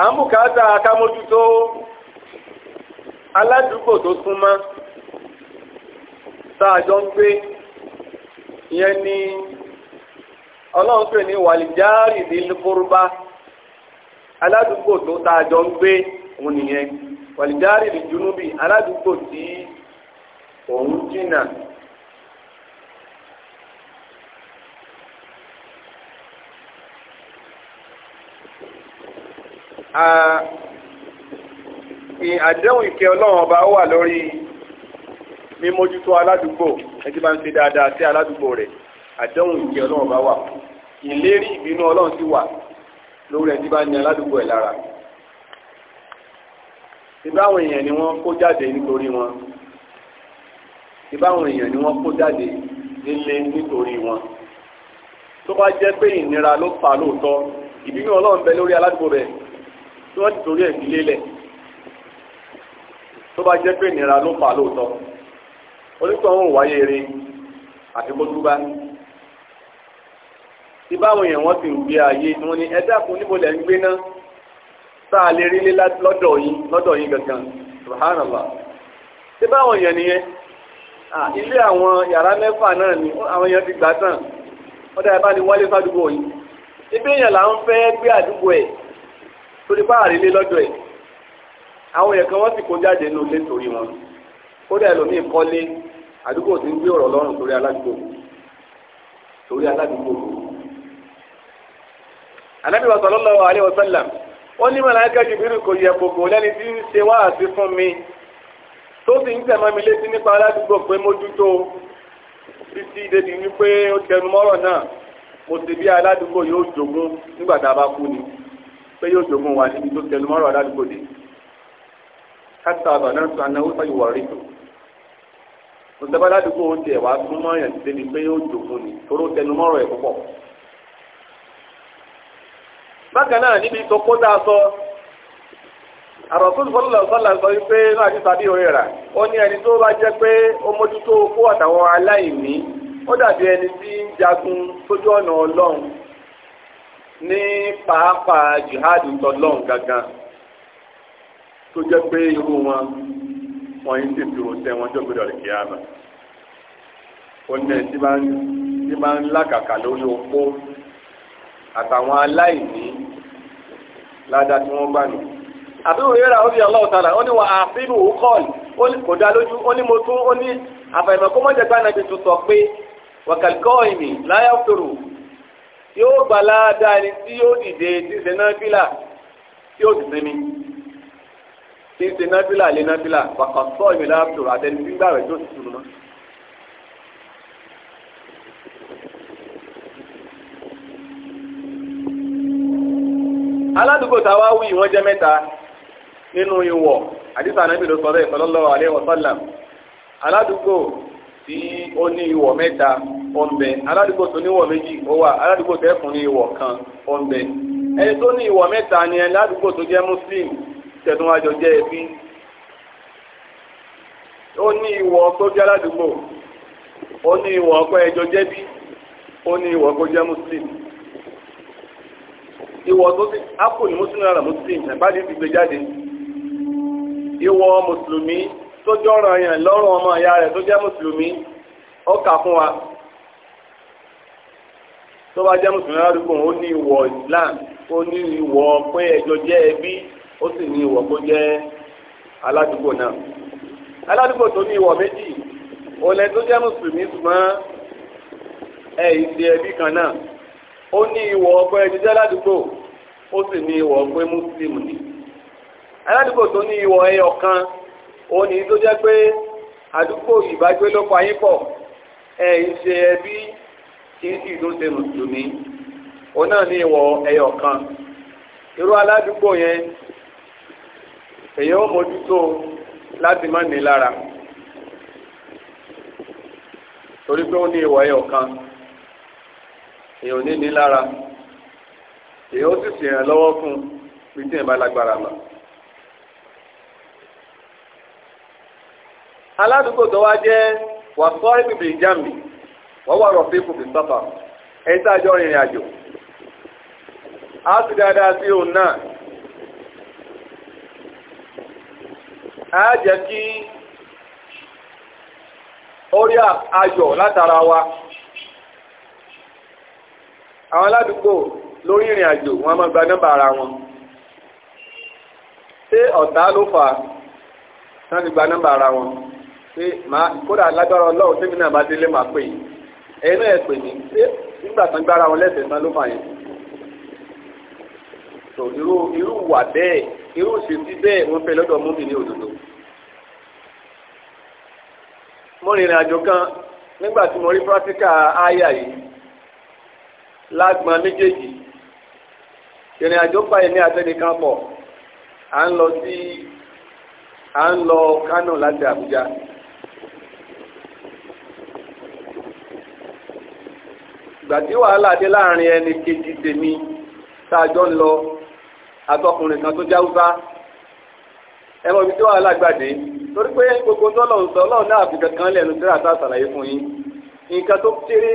à ń bùkátà ká mójútó aládùúgbò tó súnmọ́ tá ń gbé ìyẹn ni ọlọ́run pè ní wàlìjáàrì ní lùkúrúbá aládùúgbò tó tá a jọ ń gbé òun nìyẹn wàlìjárì ìjúnúbì aládùúgbò tí òun jìnnà àdéhùn ìkẹ́ ọlọ́run ọba wà lórí mímójútó aládùúgbò ẹjí bá ń ṣe dáadáa sí aládùúgbò rẹ̀ àdéhùn ìkẹ́ ọlọ́run ọba wà ìlérí ìbínú ọlọ́run sì wà lórí ẹni bá ní aládùúgbò ẹ̀ lára ìbáwọn èèyàn ni wọ́n kó jáde nítorí wọn ìbáwọn èèyàn ni wọ́n kó jáde nílé nítorí wọn tó bá jẹ́ pé ìnira ló fà lóòótọ́ ìbínú ọlọ́run bẹ lórí aládùúgbò rẹ̀ tí wọ́n ti torí ẹ̀ fi lélẹ̀ tó bá jẹ́ pé ìnira ló fà lóòótọ́ onítọ̀ ń wáyé eré àti kó túbá ní tí báwọn èèyàn wọ́n ti ń gbé ayé wọn ni ẹ̀dá kun níbo lẹ̀ ń gbé náà tá a lè rílé lọ́dọ̀ yín lọ́dọ̀ yín gangan subhanallah tí báwọn èèyàn nìyẹn ilé àwọn yàrá mẹ́fà náà ni àwọn èèyàn ti gbà tán wọ́n dára bá ní wálé fádùúgbò yìí ibi èèyàn là ń fẹ́ gbé àdúgbò ẹ̀ torí bá àrílé lọ́dọ̀ ẹ̀ àwọn èèyàn kan wọ́n sì kó jáde nínú ilé torí wọn kódà ẹlòmíì kọ́lé àdúgbò ti ń gbé ọ̀rọ̀ lọ́rùn torí aládùúgbò torí aládùúgbò anabi wa sallallahu alayhi wa sallam ó ní màláíkà Jibril kò yẹ gbogbo lẹ́ni tí ń ṣe wá àti fún mi tó sì ń tẹ̀mọ́ mi létí nípa aládùúgbò pé mójútó títí débi wípé ó tẹnu mọ́rọ̀ náà mo sì bí aládùúgbò yóò jogún nígbà tá a bá kú ni pé yóò jogún wa níbi tó tẹnu mọ́rọ̀ aládùúgbò dé káta àbànà tó anáwó sáyé wà rí tó mo sẹ́fẹ́ aládùúgbò ó tiẹ̀ wá súnmọ́ yẹn débi pé yóò jogún ni toró tẹnu mọ́rọ̀ ẹ̀ púpọ̀ bákan náà níbi ìsọkó tá a sọ àròsùn sọlọ sọlọ sọ wípé náà ti tàbí òye rà ó ní ẹni tó bá jẹ́ pé ó mójútó kó àtàwọn aláìní ó dàbí ẹni tí ń jagun sójú ọ̀nà ọlọ́run ní pàápàá jihad tọlọ́run gangan tó jẹ́ pé irú wọn wọn yìí ti dúró sẹ́ wọn jọ́gbẹ́dọ̀ rẹ̀ kíá bá ó ní ẹni tí máa ń lákàkà lórí opó àtàwọn aláìní ládàá tí wọ́n gbà nù. àbúrò yẹ́ra ó di ọlọ́wọ́ tààrà ó ní wọn àfihàn òun kọ́ọ̀lù ó ní kò dá lójú ó ní mo tún ó ní àfàìmọ̀ kó mọ̀jẹ̀ gbà nàbì tó sọ pé wàkàlùkọ́ ìmì láyà fèrò yóò gbà ládàá ẹni tí yóò dìde tí ṣe náfìlà tí yóò dìde mi tí ṣe náfìlà lé náfìlà wàkàlùkọ́ ìmì láyà àtẹnudígbà rẹ̀ yóò ti túnú náà. aládùúgbò táwa wí wọ́n jẹ́ mẹ́ta nínú ìwọ̀ àdìsá anábì ló sọ bẹ́ẹ̀ sallallahu alaihi wasallam aládùúgbò tí ó ní ìwọ̀ mẹ́ta ó ń bẹ aládùúgbò tó níwọ̀ méjì ó wà aládùúgbò tó ẹ̀kún ní ìwọ̀ kan ó ẹni tó ní ìwọ̀ mẹ́ta ni ẹni aládùúgbò tó jẹ́ muslim tẹ̀tún wájọ jẹ́ ẹbí ó ní ìwọ̀ tó jẹ́ aládùúgbò ó ní ìwọ̀ ọkọ ẹjọ jẹ́bí ó ní ìwọ̀ ọkọ jẹ́ muslim ìwọ tó ti apple ní muslim náírà muslim ìbáde ti gbé jáde ìwọ mùsùlùmí tó jẹ́ ọ̀ràn yẹn lọ́rùn ọmọ ìyá rẹ̀ tó jẹ́ mùsùlùmí ó kà fún wa tó bá jẹ́ mùsùlùmí ládùúgbò ó ní ìwọ islam ó ní ìwọ pé ẹjọ́ jẹ́ ẹbí ó sì ní ìwọ kó jẹ́ aládùúgbò náà aládùúgbò tó ní ìwọ méjì òun lẹ tó jẹ́ mùsùlùmí ṣùgbọ́n ẹ̀ ìṣe ẹbí kan náà. ó ní ìwọ̀ ọ̀pẹ jíjẹ́ ládùúgbò ó sì ní ìwọ̀ muslim ni aládùúgbò tó ní ìwọ̀ ẹyọ kan ó ní tó jẹ́ pé àdúgbò ìbágbé ló pa yín pọ̀ ẹ ń ẹbí kì í sì tún ṣe mùsùlùmí òun náà ní ìwọ̀ ẹyọ kan irú aládùúgbò yẹn èyí ó mójútó láti má ní lára torí pé ó ní ìwọ̀ ẹyọ èèyàn ò ní ní lára èèyàn ó sì ṣèrànlọ́wọ́ lọ́wọ́ fún bí tí èèyàn bá lágbára lọ. aládùúgbò tó wá jẹ́ wà ìbìbì wọ́n wà rọ̀ fífò fi a jọ rìnrìn àjò sì dáadáa sí kí Orí wa. àwọn aládùúgbò lórí ìrìn àjò wọn máa gba nọ́mbà ara wọn ṣé ọ̀tá ló fà á tán ti gba nọ́mbà ara wọn pé màá kódà lágbára ọlọ́run tẹ́mi náà bá délé màá pè yín ẹ̀yin náà ẹ̀ pè mí ṣé nígbà tán gbára wọn lẹ́sẹ̀ tán ló fà yẹn so irú irú wà bẹ́ẹ̀ irú ìṣètí bẹ́ẹ̀ wọ́n fẹ́ lọ́dọ̀ múmi ní òdodo. mo rìnrìn àjò kan nígbà tí mo rí pírátíkà áyà yìí lágbọn méjèèjì ìrìn àjò pa èmi àtẹnìkan pọ̀ à ń lọ sí à ń lọ Kánò láti Àbújá. ìgbà tí wàhálà dé láàrin ẹni kejì tèmi tá a jọ ń lọ àtọkùnrin kan tó jáwúbá ẹ mọ ibi tí wàhálà gbàdé torí pé gbogbo tó lọ sọ Ọlọ́run náà àbùkẹ kan lẹ́nu tí ràtà ṣàlàyé fún yín nǹkan tó kéré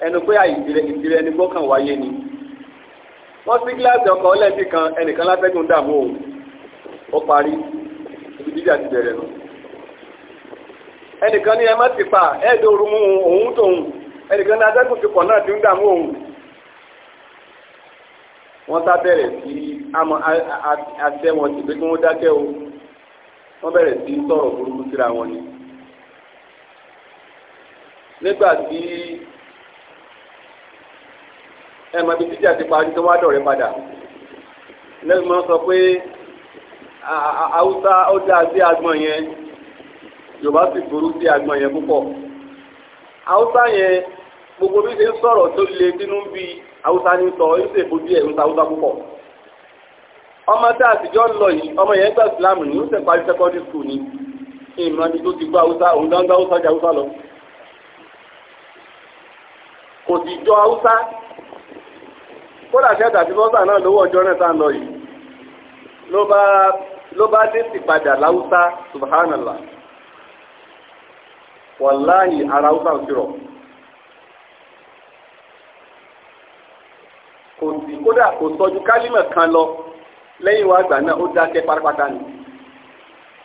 ẹnu pé ìdìrẹ ẹni gbọ́kàn wáyé ni wọ́n sí gíláàsì ọkọ̀ ọlẹ́bí kan ẹnìkan látẹ́gùn dààmú o ó parí ibi jíjà ti bẹ̀rẹ̀ nù ẹnìkan ní ẹ ti pa ẹ̀ẹ́dẹ̀ ooru mú òun tóun ẹnìkan ní atẹ́gùn ti pọ̀ náà ti ń dààmú òun wọ́n sá bẹ̀rẹ̀ sí àmọ́ àṣẹ wọn sì pé kí wọ́n dákẹ́ o wọ́n bẹ̀rẹ̀ sí sọ̀rọ̀ burúkú síra wọn ni nígbà tí ẹ mọ ibi títí àti parí tó wá dọ̀rẹ́ padà lẹ́yìn mọ́ sọ pé haúsá ó dáa sí agbọ̀n yẹn yorùbá sì burú sí agbọ̀n yẹn púpọ̀ haúsá yẹn gbogbo bí ṣe ń sọ̀rọ̀ tó le nínú bí haúsá ní sọ ń ṣe fojú ẹ̀ ń ta haúsá púpọ̀ ọmọ tá àtijọ́ ń lọ yìí ọmọ yẹn gbà sílámù ní ó sì parí secondary school ni ìmọ̀ ibi tó ti gbọ́ haúsá òun dáńgá haúsá jẹ haúsá lọ kò sì jọ haúsá kódà kẹta àti bọ́sà náà lówó ọjọ́ náà tá à ń lọ yìí ló bá ló bá dé sí padà láwùsá subhanallah wàláyì ara haúsá ò ti rọ̀ kò sí kódà kò sọjú kálímọ̀ kan lọ lẹ́yìn wa àgbà náà ó dákẹ́ pátápátá ni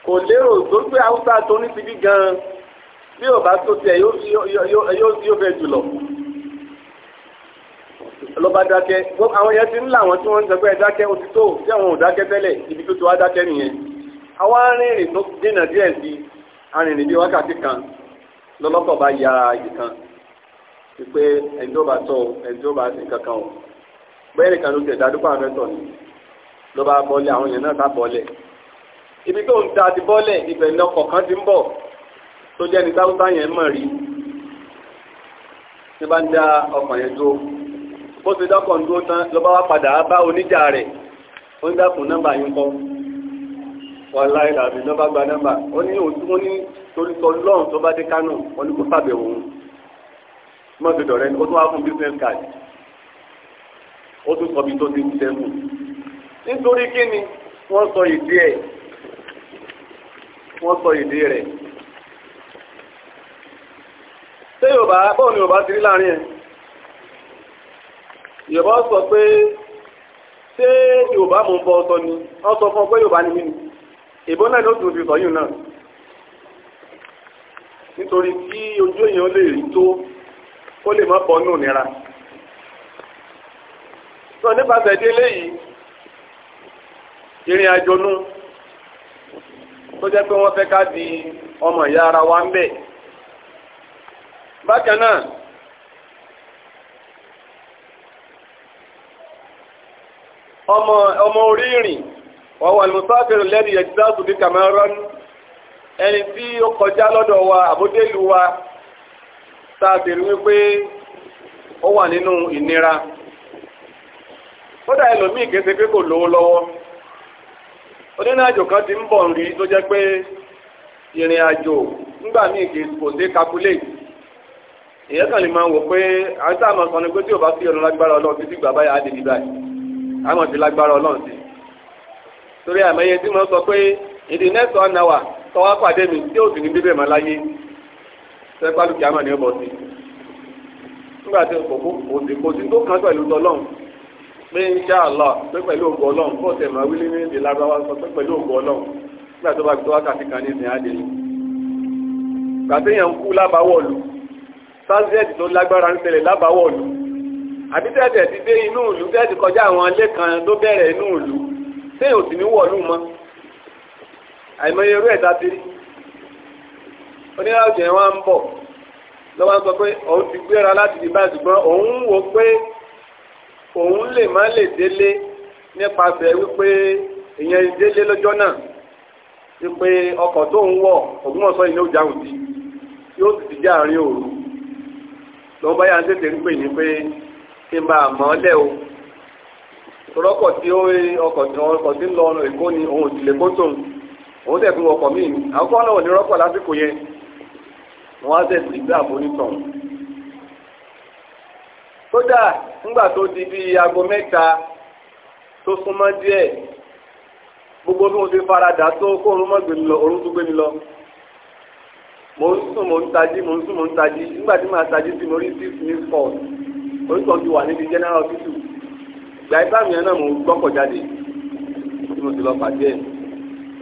kò lérò tó pé haúsá tó ní ti bí gan-an bí ò bá tó tiẹ̀ yóò yóò yóò yóò fẹ́ jùlọ bá dákẹ́ àwọn yẹn ti ń là tí wọ́n ń sọ dákẹ́ ó ti tó tí àwọn ò dákẹ́ tẹ́lẹ̀ ibi tó ti wá dákẹ́ nìyẹn àwọn arìnrìn tó dènà díẹ̀ sí arìnrìn bíi wákàtí kan lọ́lọ́kọ̀ bá ya ibì kan pé ẹni tó bá tọ́ ẹni tó bá sin kankan o bẹ́ẹ̀ nìkan ló ti dúpọ̀ àwọn ni ló bá bọ́lẹ̀ àwọn yẹn náà bá bọ́lẹ̀ ibi tó ń ta ti bọ́lẹ̀ ibẹ̀ ní ọkọ̀ bó ti dọ́kọ̀ ń dúró tán lọ́ba wá padà bá oníjà rẹ̀ ó ń dákun nọ́mbà yín kọ́ wàhálà ìlà àbí lọ́ba gba nọ́mbà ó ní òtún ó ní torítọ lọ́run tó bá dé kánò ó ní kó sàbẹ̀wò òun mọ́ ti dọ̀rẹ́ ó tún wá fún business card ó tún sọ bí tó ti ń sẹ́kù nítorí kí ni wọ́n sọ ìdí ẹ̀ wọ́n sọ ìdí rẹ̀ ṣé Yorùbá bọ́ọ̀ ni Yorùbá ti rí láàrin ẹ̀ yorùbá sọ pé ṣé yorùbá mò ń bọ ọsọ ni wọn sọ fún ọ pé yorùbá ni mí ni ìbọn náà ló dùn fi sọ yìí náà nítorí tí ojú èèyàn lè rí tó ó lè má bọ nù nira sọ nípasẹ̀ délé yìí ìrìn àjò nù tó jẹ́ pé wọ́n fẹ́ ká di ọmọ ìyá ara wa ń bẹ̀ bákan náà. ọmọ orí ìrìn wọ́wọ́ alùsáfẹ́rù lẹ́nu yẹ̀jísáàtù bí Cameroon ẹni tí ó kọjá lọ́dọ̀ wa àbódélù wa sáàbẹ̀rù wípé ó wà nínú ìnira kódà ẹlòmíì kése pé kò lówó lọ́wọ́ onínàjò kan ti ń bọ̀ rí tó jẹ́ pé ìrìn àjò nígbà míì kò sí calculate èyí máa wò pé ni pé tí àmọ́ ti lágbára ọlọ́run sí torí àmọye tí mo sọ pé ìdí next one hour tọwọ́ pàdé mi tí òsì ní bíbẹ̀ mọ́ láyé sẹ́pàlù kí a mọ̀ ní ọ̀bọ̀ sí nígbà tí òkú òsì kò sí tó kàn pẹ̀lú tọlọ́run pé insha Allah pé pẹ̀lú ògùn ọlọ́run kó tẹ̀ mọ́ wílé ní èdè lágbára sọ pé pẹ̀lú ògùn ọlọ́run nígbà tó bá gbé wákàtí kan ní ìsìn àdè yìí gbàtẹ́yàn ń kú lábàáwọ̀lù sáńsẹ́ẹ̀tì tó lágbára ń tẹ̀lé lábàáwọ̀lù àbí tẹ̀tẹ̀ ti dé inú ìlú tẹ̀tẹ̀ kọjá àwọn ilé kan tó bẹ̀rẹ̀ inú ìlú téèyàn ò sì ní wọ̀lú mọ́ àìmọye irú ẹ̀ ta ti rí oníràwùjọ yẹn wá ń bọ̀ lọ́wọ́ sọ pé òun ti gbéra láti di báyìí ṣùgbọ́n òun ń wo pé òun lè má lè délé nípasẹ̀ wípé ìyẹn délé lọ́jọ́ náà wípé ọkọ̀ tó ń wọ̀ Ògbómọ̀ṣọ́ yìí ló jáwùn yóò sì ti jẹ́ àárín òru lọ́wọ́ báyà ń tètè ń pè ní pé kí n bá a o tọ́lọ́kọ̀ tí ó rí ọkọ̀ tí wọ́n tí ń lọ ọrụ èkó ni òun ò lè òun tẹ̀ fún ọkọ̀ míì ni àwọn kọ́ lọ́wọ́ ní rọ́pọ̀ lásìkò yẹn wọ́n á ìgbé kódà tó di bíi aago mẹ́ta tó súnmọ́ díẹ̀ gbogbo bí mo ti tó orúkọ ti wà níbi general hospital ìgbà ìbámu yẹn náà mo gbọ́kọ̀ jáde tí mo sì lọ pàdé ẹ̀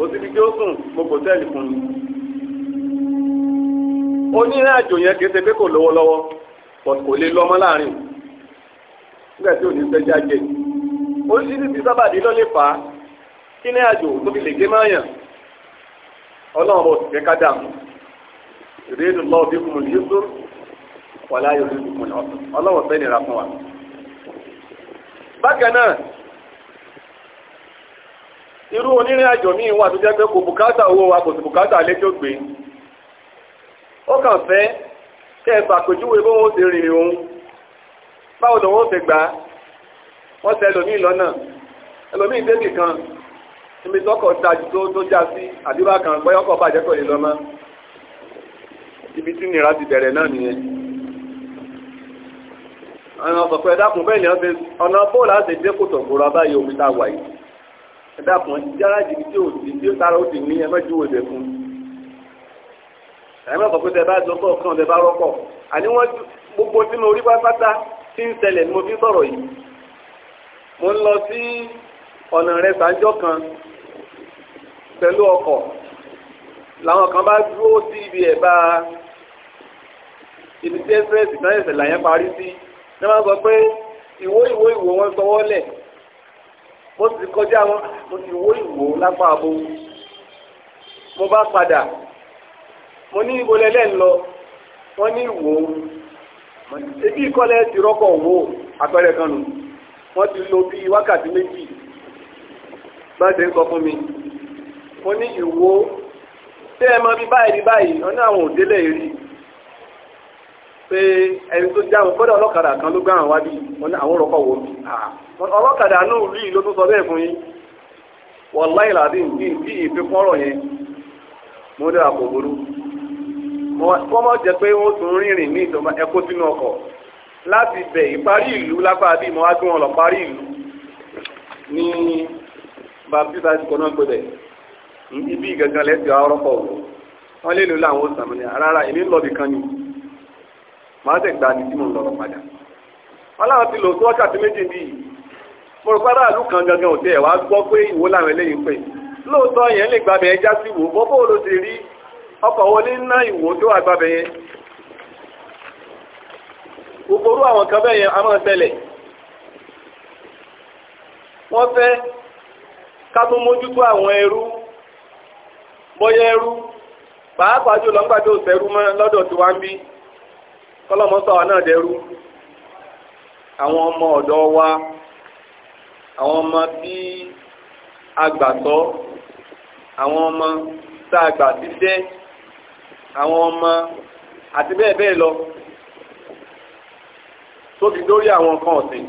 ó ti fi kí ó sùn mo kò tẹ́ẹ̀lì fún mi. onírìn àjò yẹn kìí ṣe pé kò lówó lọ́wọ́ but kò lè lọ́mọ láàrin nígbà tí ò ní fẹ́ jáde oríṣiríṣi sábàdí ló lè fà á kí ní àjò tó fi lè gé máa yàn ọlọ́run bó ti fẹ́ ká dààmú ìrèlú lọ́ọ́ bí kùmù yìí sóró wàlá yóò fi kùn náà ọlọ́wọ́ fẹ́ nira fún wa. bákan náà irú onírìn àjò míì wà tó jẹ́ pé kò bùkátà owó wa kò sì bùkátà lẹ́jọ́ gbé ó kàn fẹ́ kẹ́ ẹ fàpèjúwe bó wọn ó ti rìnrìn òun báwo lòun ó ti gbà wọ́n tẹ ẹlòmíì lọ́nà ẹlòmíì débì kan níbi tọkọ̀ dájú tó tó já sí àdúrà kan bọ́yọ́kọ̀ bàjẹ́ kò lè ibi tí nira ti bẹ̀rẹ̀ náà nìyẹn àwọn ọ̀sọ̀fẹ́ ẹ̀dàkùn bẹ́ẹ̀ ni ọ̀sẹ̀ ọ̀nà bóòlù àti ìdẹ́kùtọ̀ gbòòrò abáyé omi tá a wà yìí ẹ̀dàkùn gáràjì tí ò sí tí ó sára ó sì ní ẹ̀mẹ́jú òde fún ẹ̀mẹ́ ọ̀sọ̀ pé tẹ́lẹ̀ bá jọ sọ̀ kan tẹ́lẹ̀ bá rọ́pọ̀ àní wọ́n gbogbo tí mo rí pátá tí ń ṣẹlẹ̀ ni mo fi sọ̀rọ̀ yìí mo ń lọ sí ọ̀nà rẹ̀ sàájọ́ kan pẹ̀lú ọkọ̀ làwọn kan bá dúró sí ibi ẹ̀ bá ibi tí express ìtàn ẹ̀sẹ̀ làyẹn parí sí ní wọ́n sọ pé ìwó ìwó ìwò wọn gbọ́wọ́ lẹ̀ mo sì kọjá wọn mo sì wó ìwò lápá abo mo bá padà mo ní ibo lẹ́lẹ́ ń lọ wọ́n ní ìwò ebi ìkọlẹ̀ ti rọ́pọ̀ wò àpẹẹrẹ kan nù wọ́n ti lò bí wákàtí méjì bá ṣe ń sọ fún mi mo ní ìwò tẹ́ ẹ mọ bí báyìí báyìí ọ̀nà àwọn òdélẹ̀ rí pé ẹni tó jáwọ́ kọ́dọ̀ ọlọ́kadà kan ló bí àwọn wábí àwọn òrọ̀kọ̀ wò mí ọlọ́kadà náà rí ló tún sọ bẹ́ẹ̀ fún yín wọ́láì làbí bí ìfikọ́rọ̀ yẹn mo dé àpò burú wọ́n mọ̀ jẹ́ pé wọ́n tún rìnrìn ní ìjọba sínú ọkọ̀ láti bẹ̀ ìparí ìlú lápá lọ parí ìlú ní kọ́nà ibi wọ́n lè lò láwọn màá tẹ̀ gba àdìsí mò ń lọ́rọ̀ padà wọn ti lò tó wákàtí méjì bí yìí mo rò àlù kan gangan ò tẹ̀ wá gbọ́ pé ìwò làwọn eléyìí pè lóòótọ́ yẹn lè gbàbẹ̀ ẹja sí ìwò bọ́ bó ló ti rí ọkọ̀ wọlé ná ìwò tó wà àwọn kan bẹ́ẹ̀ yẹn a máa ṣẹlẹ̀ wọ́n fẹ́ ká tó mójútó tí kọ́lọ́mọ sọ àwọn náà dẹrú àwọn ọmọ ọ̀dọ́ wa àwọn ọmọ bí agbàtọ́ àwọn ọmọ tá a gbà síṣẹ́ àwọn ọmọ àti bẹ́ẹ̀ bẹ́ẹ̀ lọ tó fi dórí àwọn nǹkan ọ̀sìn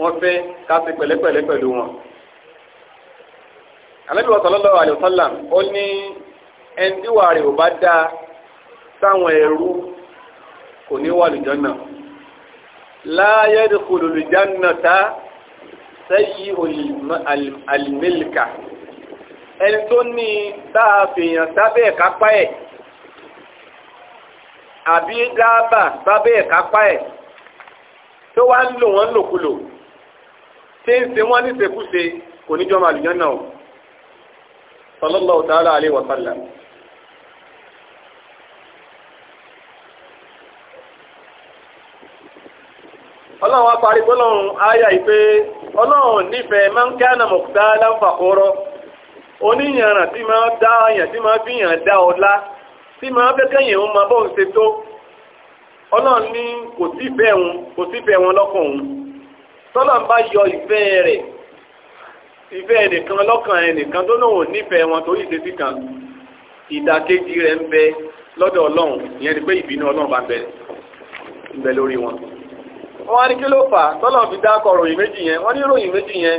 wọ́n fẹ́ ká ṣe pẹ̀lẹ́pẹ̀lẹ́ pẹ̀lú wọn. Ànábì sallallahu alaihi wasallam ó ní ẹni tí wàá rè ò bá dáa sáwọn ẹrú kò ní wà lè jọ́nà láyé kòlò lè jọ́nà ta sẹ́yí alìmẹ́lìkà ẹni tó ní dáàfihàn sábẹ́ ẹ̀kápá ẹ̀ àbí dáàbà sábẹ́ ẹ̀kápá ẹ̀ tó wá ń lò wọ́n lòkulò tí ń ṣe wọ́n ní ṣekúṣe kò ní jọ́mà lè jọ́nà o sallallahu ta'ala alaihi wa náà wá parí gbọ́lọ́run ayà ìpé ọlọ́run nífẹ̀ẹ́ máa ń kí ànà mọ̀kútà láǹfàkọ́rọ́ tí máa dá ọyàn tí máa fìyàn dá ọlá tí máa fẹ́kẹ̀yìn òun máa bọ́ ṣe tó ọlọ́run ní kò sí ìfẹ́ kò sí ìfẹ́ wọn lọ́kàn òun bá yọ ìfẹ́ rẹ̀ ìfẹ́ ẹnìkan lọ́kàn ẹnìkan tó náà nífẹ̀ẹ́ wọn torí ìṣesí kan ìdàkejì rẹ̀ ń bẹ lọ́dọ̀ ọlọ́run ìyẹn ni pé ìbínú ọlọ́run bá bẹ lórí wọn. wọ́n ní kí ló fà tọ́lọ̀ fi dákọ̀ ròyìn méjì yẹn wọ́n ní ròyìn méjì yẹn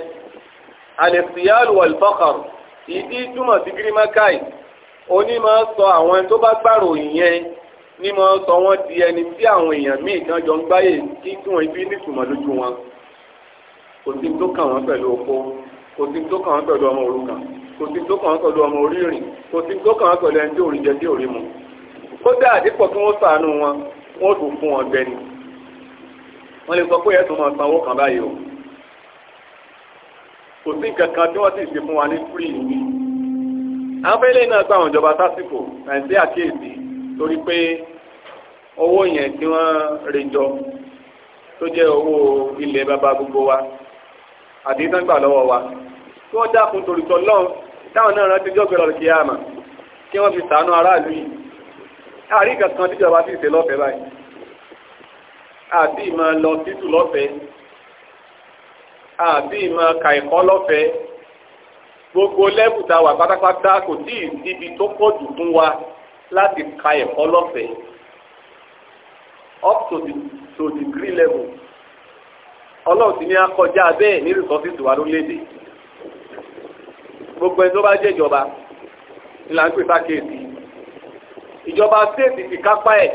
alẹ́sìyàlù wàlfọ́kàn ìdí túmọ̀ sí gírímákàì onímọ̀ sọ àwọn tó bá gbàròyìn yẹn ní mọ̀ sọ wọ́n di ẹni tí àwọn èèyàn míì kan jọ ń gbáyè kí tí wọ́n ibi nítumọ̀ lójú wọn kò sí tó kàn wọ́n pẹ̀lú opó kò sí tó kàn wọ́n pẹ̀lú ọmọ òrukàn kò sí tó kàn wọ́n pẹ̀lú ọmọ orírìn kò sí tó kàn wọ́n pẹ̀lú ẹni tí òrìjẹ tí òrí mu kódà àdìpọ̀ kí wọ́n ṣàánú wọn wọ́n dùn fún ọ̀gbẹ́ni wọ́n lè sọ pé ẹ̀ tó máa sanwó kan báyìí o kò sí nǹkan kan tí wọ́n sì ṣe fún wa ní free yìí abẹ́lé náà gba àwọn ìjọba sásìkò nàìjíríà kíyèsí torí pé owó yẹn tí wọ́n rè jọ tó jẹ́ owó ilẹ̀ bàbá gbogbo wa àti ìtàngbà lọ́wọ́ wa tí wọ́n dákun torí tọ́ lọ́n táwọn náà rántí jọ́gbẹ́ lọ́rọ̀ kí á mà kí wọ́n fi ṣàánú aráàlú yìí àrí tíjọba sì ṣe lọ́fẹ̀ẹ́ báyìí àbí máa lọ títù lọ́fẹ̀ẹ́ àbí ma ka ẹ̀kọ́ lọ́fẹ̀ẹ́ gbogbo lẹ́bù tá a wà pátápátá kò tí ì síbi tó pọ̀ jù fún wa láti ka ẹ̀kọ́ lọ́fẹ̀ẹ́ up to the to the degree level ọlọ́run ti ní akọjá bẹ́ẹ̀ ní rìsọ́fíìsì wa lórílẹ̀‐èdè gbogbo ẹni tó bá jẹ́ ìjọba ìlànà pèsè àkéèsì ìjọba stéètì ti kápá ẹ̀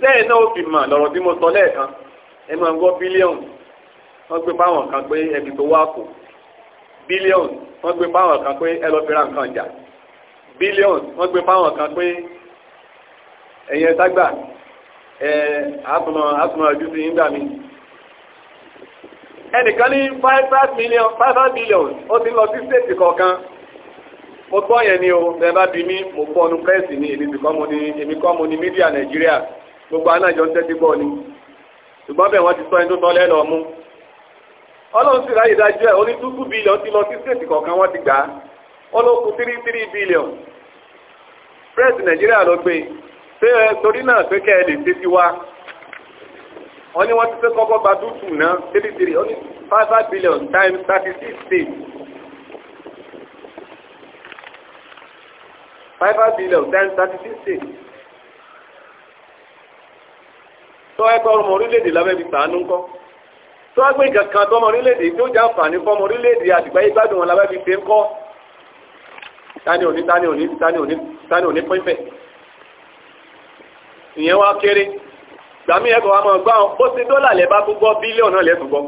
sẹ́yìn náà ó fi mà lọ́rọ̀ tí mo sọ lẹ́ẹ̀kan ẹ máa ń gbọ́ bílíọ̀nù wọ́n gbé báwọn kan pé ẹbí tó wá kù bílíọ̀nù wọ́n gbé báwọn kan pé ẹ lọ́ọ́ fi ra nǹkan jà bílíọ̀nù wọ́n gbé báwọn kan pé ẹ̀yẹ ságbà ẹ̀ àtúnmọ̀ ojú sí ìgbà mi ẹnìkan ní 5 million 5 million ó ti lọ sí stéètì kọ̀ọ̀kan mo gbọ́ yẹn ni o bẹ́ẹ̀ bá bí mi mo gbọ́ ọnu pẹ́ẹ̀sì ní èmi kọ́ mo ní mídíà Nàìjíríà gbogbo anájọ ń tẹ́tí bọ́ ni ṣùgbọ́n wọ́n ti sọ ẹni tó tọ́ lẹ́nu ọmú ọlọ́run sì ráyè ti lọ sí stéètì kọ̀ọ̀kan wọ́n ti gbà á wọ́n ló kù tírí tírí bílíọ̀n pírẹ́sì nàìjíríà ló gbé ṣé ẹ torí náà pé kẹ́ ẹ lè ṣe ti wá wọ́n ní wọ́n ti fẹ́ kọ́kọ́ gba billion times thirty six states tó wáyé pé ọmọ orílẹ̀-èdè lábẹ́ fi sàánú ńkọ́ tó wáyé pé kankan tó ọmọ orílẹ̀-èdè tó jẹ́ àǹfààní fún ọmọ orílẹ̀-èdè àtìgbáyé gbádùn wọn lábẹ́ fi ṣe ńkọ́ tani òní tani òní tani òní tani òní pínpẹ̀ ìyẹn wá kéré gbàmí ẹ̀kọ́ wa máa gbá wọn ó ti dọ́là lẹ́ bá gbọ́ bílíọ̀nù náà lẹ́tù gbọ́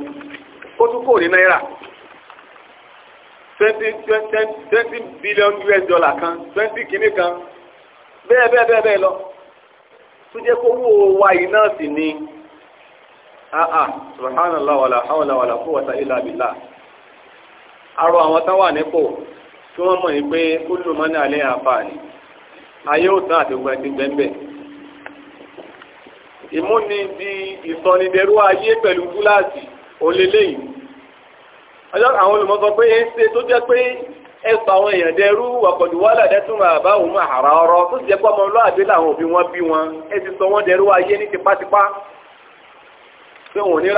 ó tún kò ní náírà twenty twenty billion US dollar kan twenty kìíní kan bẹ́ẹ̀ bẹ́ẹ̀ bẹ́ẹ̀ bẹ́ẹ̀ lọ tó jẹ́ kó wó wa iná sì ni àà subhanallah wàlà hawla wàlà quwwata illa billah arọ àwọn táwà nípò tí wọ́n mọ̀ ní pé kullu man alẹ́ àǹfààní ayé òtún àti ogun ẹ̀sìn gbẹ́ńbẹ́ ìmúni di ìsọnidẹ̀rú ayé pẹ̀lú gúláàsì òlélẹ́yìn àwọn olùmọ̀ sọ pé ń ṣe tó jẹ́ pé ẹ pa àwọn èèyàn dẹrú wàkọ̀dù wàhálà òun àhàrà ọ̀rọ̀ tó sì jẹ́ òbí wọn bí wọn ẹ ti sọ wọn dẹrú ayé ní tipátipá pé wọn ò wọn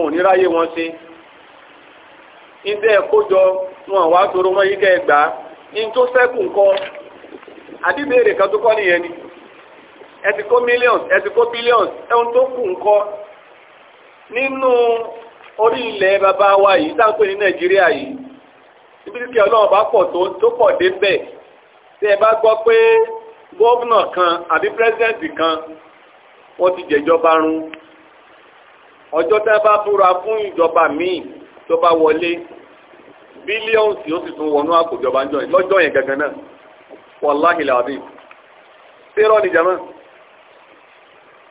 wọn ò wọn ṣe ìdẹ́ ẹ̀kọ́jọ wọn kan tó kọ́ nìyẹn ni ẹ millions ẹ ti billions tó kù nínú orí ilẹ̀ wa yìí ní Nàìjíríà ibi tí ọlọ́run bá pọ̀ tó tó pọ̀ dé bẹ̀ tí ẹ bá gbọ́ pé gómìnà kan àbí pírẹsidẹ́ǹtì kan wọ́n ti jẹ̀jọba run ọjọ́ tá a bá búra fún ìjọba míì tó bá wọlé bílíọ̀nù tí ó sì tún wọnú àpòjọba lọ́jọ́ yẹn gangan náà wàláhì làbí tẹ́rọ ni jama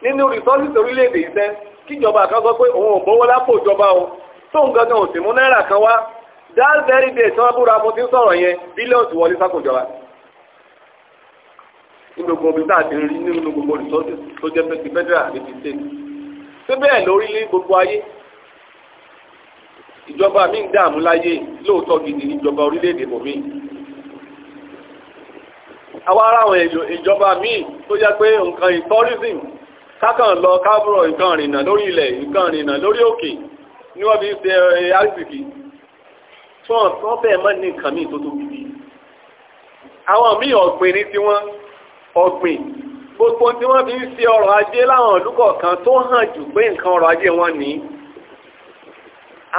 nínú rìsọ́lùsì orílẹ̀-èdè iṣẹ́ kíjọba kan sọ pé òun ò bọ́wọ́ lápòjọba o tóun gangan ò sì mú náírà kan wá that very day tí fún tí ń sọ̀rọ̀ yẹn ti wọlé sákòjọba nínú gbogbo ibi rí nínú gbogbo tó jẹ́ ti federal àti ti state ṣé bẹ́ẹ̀ lórí gbogbo ayé ìjọba mi ń dààmú láyé lóòótọ́ gidi ìjọba orílẹ̀-èdè bòmí àwa ará àwọn ìjọba míì tó to pé nǹkan tourism kákan lọ kábùrọ̀ nǹkan rìnnà lórí ilẹ̀ nǹkan rìnnà lórí òkè ni wọ́n fi ṣe eh, tán tán bẹ́ẹ̀ mọ́ ní nǹkan míì tó tó bí àwọn míì ọ̀gbìn ní tiwọn ọ̀gbìn gbogbo tí wọ́n fi ń ṣe ọrọ̀ ajé láwọn ìlú kọ̀ọ̀kan tó hàn jù pé nǹkan ọrọ̀ ajé wọn ní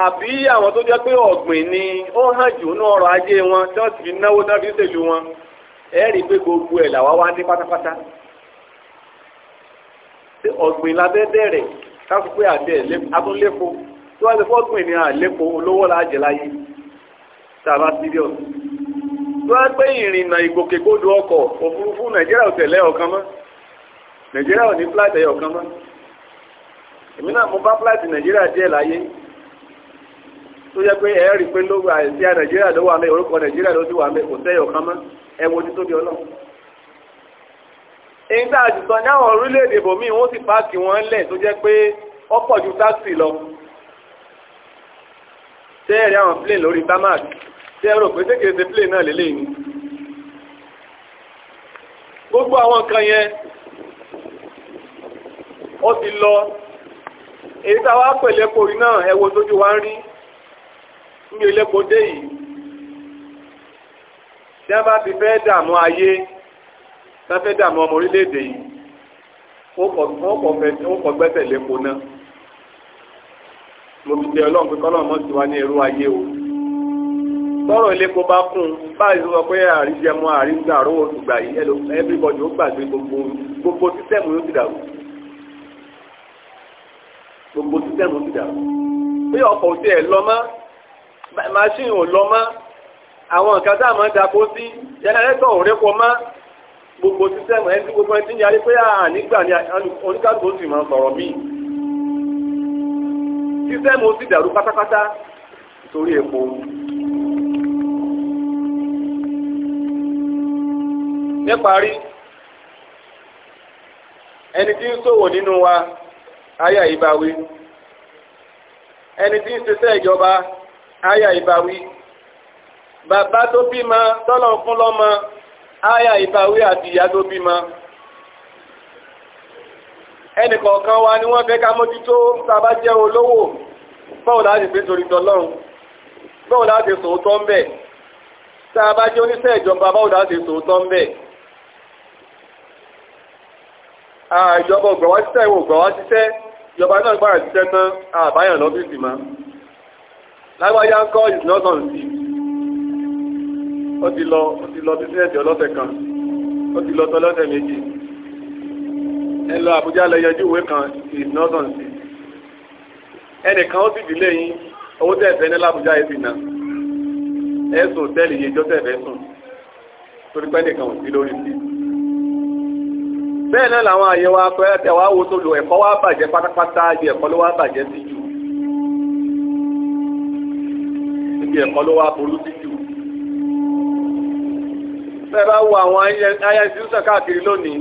àbí àwọn tó jẹ́ pé ọ̀gbìn ni ó hàn jù ní ọrọ̀ ajé wọn tí wọ́n sì fi náwó náà fi ń ṣèlú wọn ẹ rí i pé gbogbo ẹ̀ làwa wá ní pátápátá ọ̀gbìn lábẹ́ bẹ̀rẹ̀ ká fún pé àbẹ̀ abúlépo tí wọ́n ti fọ́gbìn ní àlépo olówó lájẹ̀ láyé tàbá serious tó á pé ìrìnà ìgbòkègbodò ọkọ̀ òfurufú nàìjíríà ò tẹ̀lé ọ̀kan mọ́ nàìjíríà ò ní flight ẹ̀yọ̀ kan mọ́ èmi náà mo bá flight nàìjíríà díẹ̀ láyé tó yẹ pé ẹ rí i pé lórí àìsí nàìjíríà ló wà mẹ́ orúkọ nàìjíríà ló ti wà mẹ́ kò tẹ́yọ̀ kan mọ́ ẹ wo ti tóbi èyí tá a wọn lẹ̀ tó jẹ́ pé ju lọ àwọn plane lórí tí ẹ rò pé ṣé kìí ṣe play náà lélẹ́yìn ni gbogbo àwọn nǹkan yẹn ó ti lọ èyí táwa pẹ̀lẹ́pọ̀ orí náà ẹ wo tójú wa ń rí ní ẹlẹ́pọ̀ dé yìí tí wọ́n bá fi fẹ́ dààmú ayé tí fẹ́ dààmú ọmọ orílẹ̀-èdè yìí ó kọ̀ gbẹ́sẹ̀ lẹ́pọ̀ náà mo fi jẹ́ ọlọ́run pé kọ́lọ́run mọ́ sí wa ní ẹrú ayé o bọ́rọ̀ ilé kó bá kún báyìí sọ pé àríjẹmọ àrígbà rówó gbà yìí ẹlò everybody ó gbàgbé gbogbo sísẹ́mù yóò ti dàrú gbogbo sísẹ́mù ti dàrú bí ọkọ̀ òsì ẹ̀ lọ mọ́ machine ò lọ mọ́ àwọn nǹkan tá a máa ń dako sí jẹnẹrétọ̀ ò rẹ́pọ̀ mọ́ gbogbo sísẹ́mù ẹni tí gbogbo ẹni ń yarí pé ànígbà ni oníkàtúntò sì máa sọ̀rọ̀ míì sísẹ́mù ti dàrú pátápátá torí epo. níparí ẹni tí ń ṣòwò nínú wa aya ìbáwí ẹni tí ń ṣiṣẹ́ ìjọba aya ìbáwí bàbá tó bímọ tọ́lọ̀ fún lọ́mọ aya ìbáwí àti ìyá tó bímọ ẹnì kọ̀ọ̀kan wa ni wọ́n fẹ́ ká mójútó sábà jẹ́ olówó bọ́ọ̀ láti gbé torí tọlọ́run bọ́ọ̀ láti sòótọ́ ń bẹ̀ sábà jẹ́ oníṣẹ́ ìjọba bọ́ọ̀ láti sòótọ́ ń bẹ̀ Ah, ìjọba ògbà wá síṣẹ́ ìwò ògbà wá síṣẹ́ ìjọba náà gbára síṣẹ́ tán àbáyàn lọ́fíìsì mọ́ lágbájá ń kọ́ ìsìnọ́sàn sí ó ti lọ ó ti lọ bísíǹsì ọlọ́sẹ̀ kan ó ti lọ tọ́lọ́sẹ̀ méjì ẹ lọ Àbújá lọ yẹjú ìwé kan ìsìnọ́sàn sí ẹnìkan ó sì dìlé yín owó tẹ̀ fẹ́ ní lábújá yìí sì ná ẹ̀sùn tẹ́lẹ̀ yẹjọ́ tẹ̀ fẹ́ sùn torí pẹ́ nìkan ò sí lórí sí i. bẹ́ẹ̀ náà làwọn àyẹ̀wò afẹ́rẹ́tẹ̀ wo tó lo ẹ̀kọ́ wá bàjẹ́ pátápátá ibi ẹ̀kọ́ ló wá bàjẹ́ sí jù ibi ẹ̀kọ́ ló wá burú sí jù bẹ́ẹ̀ bá wo àwọn ayé tí ó sọ káàkiri lónìí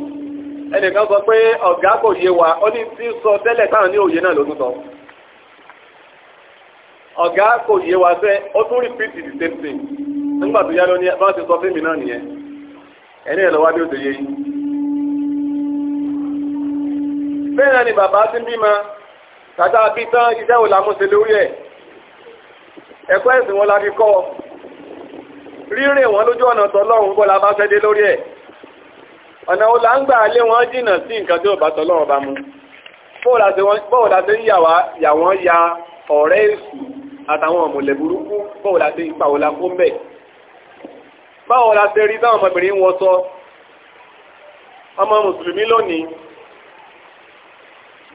ẹnìkan sọ pé ọ̀gá kò yé wa ó ní tí sọ tẹ́lẹ̀ táwọn ní òye náà ló tún sọ ọ̀gá kò yé wa ó tún repeat the same thing nígbà tó yá lónìí bá ti sọ fún mi náà nìyẹn ẹni ẹ̀ lọ́wọ́ bí bẹ́ẹ̀ ni bàbá ti ń bímọ tàbí àbí tán iṣẹ́ wò lámúṣe lórí ẹ̀ ẹ̀kọ́ ẹ̀sìn wọn la kọ́ rírìn wọn lójú ọ̀nà tọ́lọ́run bọ́lá bá fẹ́ lórí ẹ̀ ọ̀nà wọn jìnnà sí nǹkan tí ò bá tọ́lọ́run bá ya ọ̀rẹ́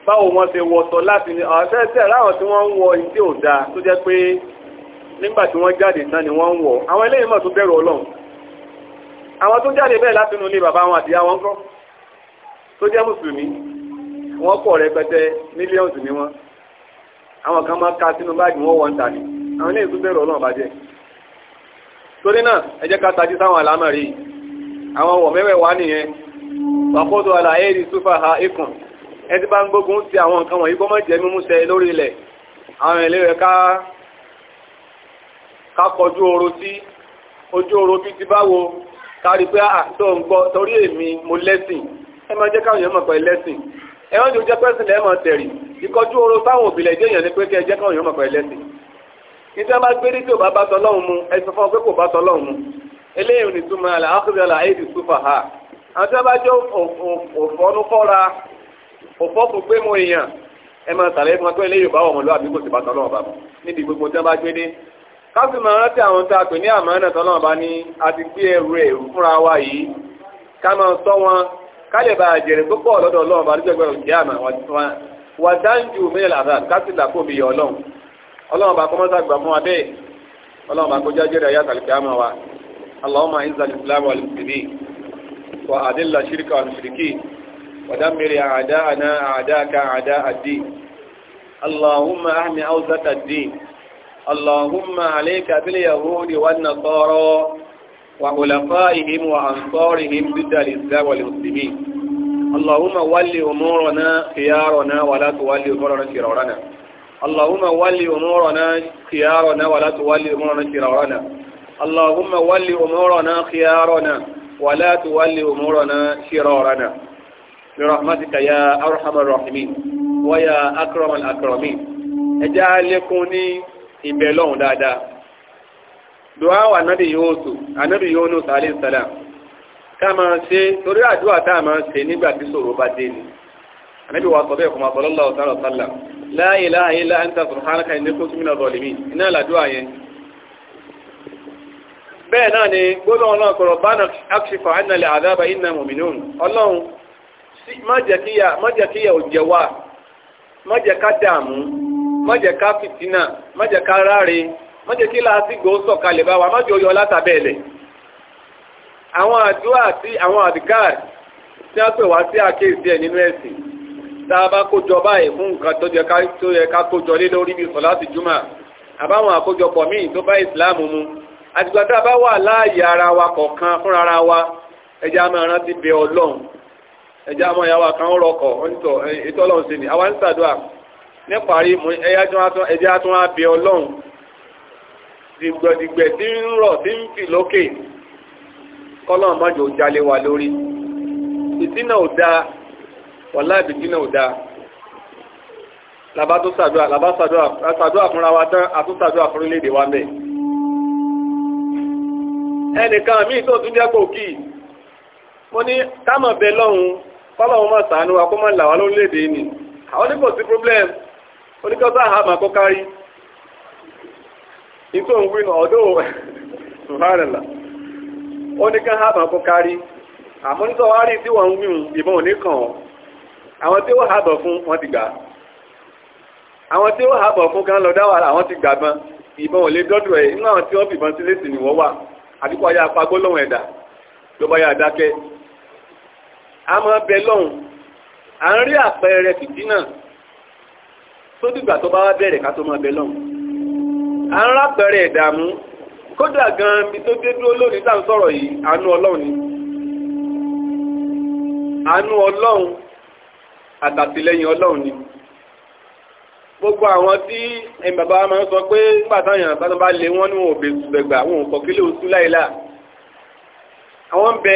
báwo wọ́n ṣe wọ̀sọ̀ láti ní ọ̀sẹ̀ẹ̀sẹ̀ láwọn tí wọ́n ń wọ ìdí òdá tó jẹ́ pé nígbà tí wọ́n jáde tán ni wọ́n ń wọ̀ àwọn eléyìí mọ̀ tó bẹ̀rù ọlọ́run àwọn tó jáde bẹ́ẹ̀ láti inú ilé bàbá wọn àti ìyá wọn kọ́ tó jẹ́ mùsùlùmí wọ́n pọ̀ rẹpẹtẹ mílíọ̀nù ni wọ́n àwọn kan máa ka sínú báàgì wọ́n wọ́n ń tàní àwọn eléyìí tó bẹ̀rù ọlọ́run bàjẹ́ torí náà ẹ jẹ́ ká tají sáwọn àlámọ̀ rí àwọn wọ̀ mẹ́wẹ̀ẹ́ wá nìyẹn wàkóso àlàyé ìsúfà ha ikùn ẹni bá ń gbógun ti àwọn nǹkan wọ̀nyí kọ́mọ̀ jẹ́ mímúṣẹ lórí ilẹ̀ àwọn ilé rẹ̀ ká kọjú oru sí ojú oru bí ti báwo kárí pé àtò ah, ń gbọ́ torí èmi mo lẹ́sìn ẹ máa jẹ́ káwọn èèyàn mọ̀ pé lẹ́sìn ẹ wọ́n jò jẹ́ pẹ́sìn lẹ́ẹ̀mọ̀ tẹ̀rì ìkọjú oru sáwọn òbílẹ̀ jẹ́ èèyàn ni pé kẹ́ ẹ jẹ́ káwọn èèyàn mọ̀ pé lẹ́sìn níta bá gbé ní tí ò bá bá tọlọ́hún mu ẹ sọ fún ọ pé kò bá tọlọ́hún mu eléyìí ò ní túmọ̀ òfò kò gbé mu èèyàn ẹ máa sàlẹ̀ fún akọ́ ilé yorùbá ọmọ lọ́wọ́ àbí kò sì bá tọ́lọ́wọ́ bá níbi gbogbo tí wọ́n bá gbé dé káfí máa rántí àwọn tá a pè ní àmọ́ ẹ̀nà tọ́lọ́wọ́ bá ní a ti gbé ẹrù rẹ̀ fúnra wa yìí ká máa sọ wọn ká lè bá jèrè púpọ̀ lọ́dọ̀ ọlọ́wọ́ bá nígbàgbọ́ ìjẹ́ àmọ́ wà dáńjú mílíọ̀nù àbá káfí làkó mi yọ ọlọ́run ọlọ́run bá kọ́mọ́sá gbà fún wa bẹ́ẹ̀ اللهم اكو جاجر ايات القيامه اللهم ودمر أعداءنا أعداءك أعداء الدين اللهم أهم أوزة الدين اللهم عليك باليهود والنصارى وخلفائهم وأنصارهم ضد الإسلام والمسلمين اللهم ول أمورنا خيارنا ولا تولي أمورنا شرارنا اللهم ول أمورنا خيارنا ولا تولي أمورنا شرارنا اللهم ول أمورنا خيارنا ولا تولي أمورنا شرارنا برحمتك يا أرحم الراحمين ويا أكرم الأكرمين اجعلكني إبلون دادا دعاء النبي يوسف النبي يونس عليه السلام كما سي ترى دعاء كما سي نبغى تسورو بعدين النبي وصبيكم صلى الله عليه وسلم لا إله إلا أنت سبحانك إني كنت من الظالمين إن لا دعاء bẹ́ẹ̀ náà ni gbọ́dọ̀ ọlọ́run kọ̀rọ̀ bá náà akṣifọ̀ annalẹ̀ àdába má jẹ́ kíyà má jẹ́ kíyà ò jẹ wá má jẹ́ ká dààmú má jẹ́ ká fìtínà má jẹ́ ká ráre má jẹ́ kí làásìgbò sọ̀kalẹ̀ bá wa má jẹ́ oyọ látàbẹ̀lẹ̀ àwọn àdúrà àti àwọn àdìgáà tí a pè wá sí àkéèsí ẹ̀ nínú ẹ̀sìn tá a bá kójọ báyìí fún nǹkan tó yẹ ká kójọ lé lórí bí sọ láti júmà àbáwọn àkójọpọ̀ míì tó bá ìsìláàmù mu àtìgbà tá a bá wà láàyè ara wa kọ̀ọ̀kan fúnra wa ẹja máa rántí bẹ ọlọ́run ẹjẹ́ àmọ́ ìyàwó kan ń rọkọ̀ onítọ̀ ètò ọlọ́run sí ni àwa ń ṣàdúrà níparí mú ẹjẹ́ àtún abẹ ọlọ́run dìgbẹ̀dìgbẹ̀ tí ń rọ̀ tí ń fì lókè kọ́lọ́n mọ́jọ jalè wà lórí ìtínà ò dáa wọ̀lá ìbìtínà ò dáa làbá tó ṣàdúrà làbá ṣàdúrà fúnra wa tán àtúnṣàdúrà fún orílẹ̀-èdè wa mẹ́ẹ̀ ẹnìkan míì tó tún jẹ́ kò kí mo ní kámọ̀ bẹ lọ́hùn kọ́lọ̀ wọn máa sàánú wa kó máa là àwọn sí problem oníkò sáà kó kárí ìtò ń wí ọ̀dọ́ ṣùhárẹ̀lá oníkà hàmà kó kárí àmúnisọ̀ wá rí tí wọ́n ń wí ìbọn oníkàn àwọn tí fún wọn ti gbà àwọn tí ó hàbọ̀ fún kan lọ àwọn ti ìbọn ò lè ẹ̀ àwọn tí wọ́n fìbọn sí wà àdúgbò apagbó lọ́wọ́ àmọ́ bẹ lọ́hùn à ń rí àpẹẹrẹ fìtínà tó dìgbà tó bá wá bẹ̀rẹ̀ ká tó máa bẹ lọ́hùn à ń rápẹẹrẹ ìdààmú kódà gan-an bí tó dé dúró lónìí tá à ń sọ̀rọ̀ yìí àánú ọlọ́run ni àánú ọlọ́run àtàtìlẹ́yìn ọlọ́run ni gbogbo àwọn tí ẹ̀yìn bàbá wa máa ń sọ pé pàtàyàn bá bá lé wọn ní wọn ò bẹ̀gbà wọn ò kọ̀ kílé oṣù láìláà àwọn ń bẹ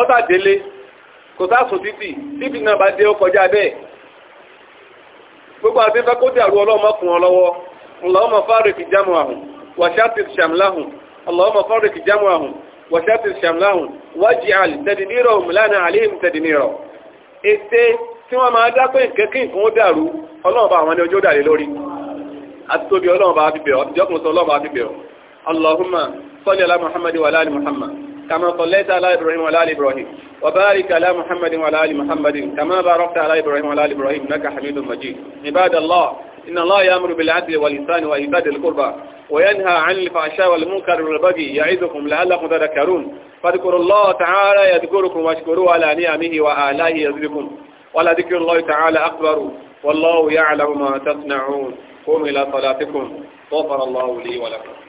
ọ́sà délé kò sáàsùn títì títì náà bá dé ó kọjá bẹ́ẹ̀ gbogbo àti fẹ́ kó dàrú ọlọ́mọ kùn ọ lọ́wọ́ Allahumma farriq jam'ahum wa shattit shamlahum Allahumma farriq jam'ahum wa shattit tí máa nǹkan ó dàrú àwọn ni ojú ó dàrí lórí àti tóbi sọ ali Muhammad كما صليت على إبراهيم وعلى آل إبراهيم وبارك على محمد وعلى آل محمد كما باركت على إبراهيم وعلى آل إبراهيم إنك حميد مجيد عباد الله إن الله يأمر بالعدل والإنسان وإيتاء القربى وينهى عن الفحشاء والمنكر والبغي يعظكم لعلكم تذكرون فاذكروا الله تعالى يذكركم واشكروا على نعمه وآلائه يزدكم ولذكر الله تعالى أكبر والله يعلم ما تصنعون قوموا إلى صلاتكم غفر الله لي ولكم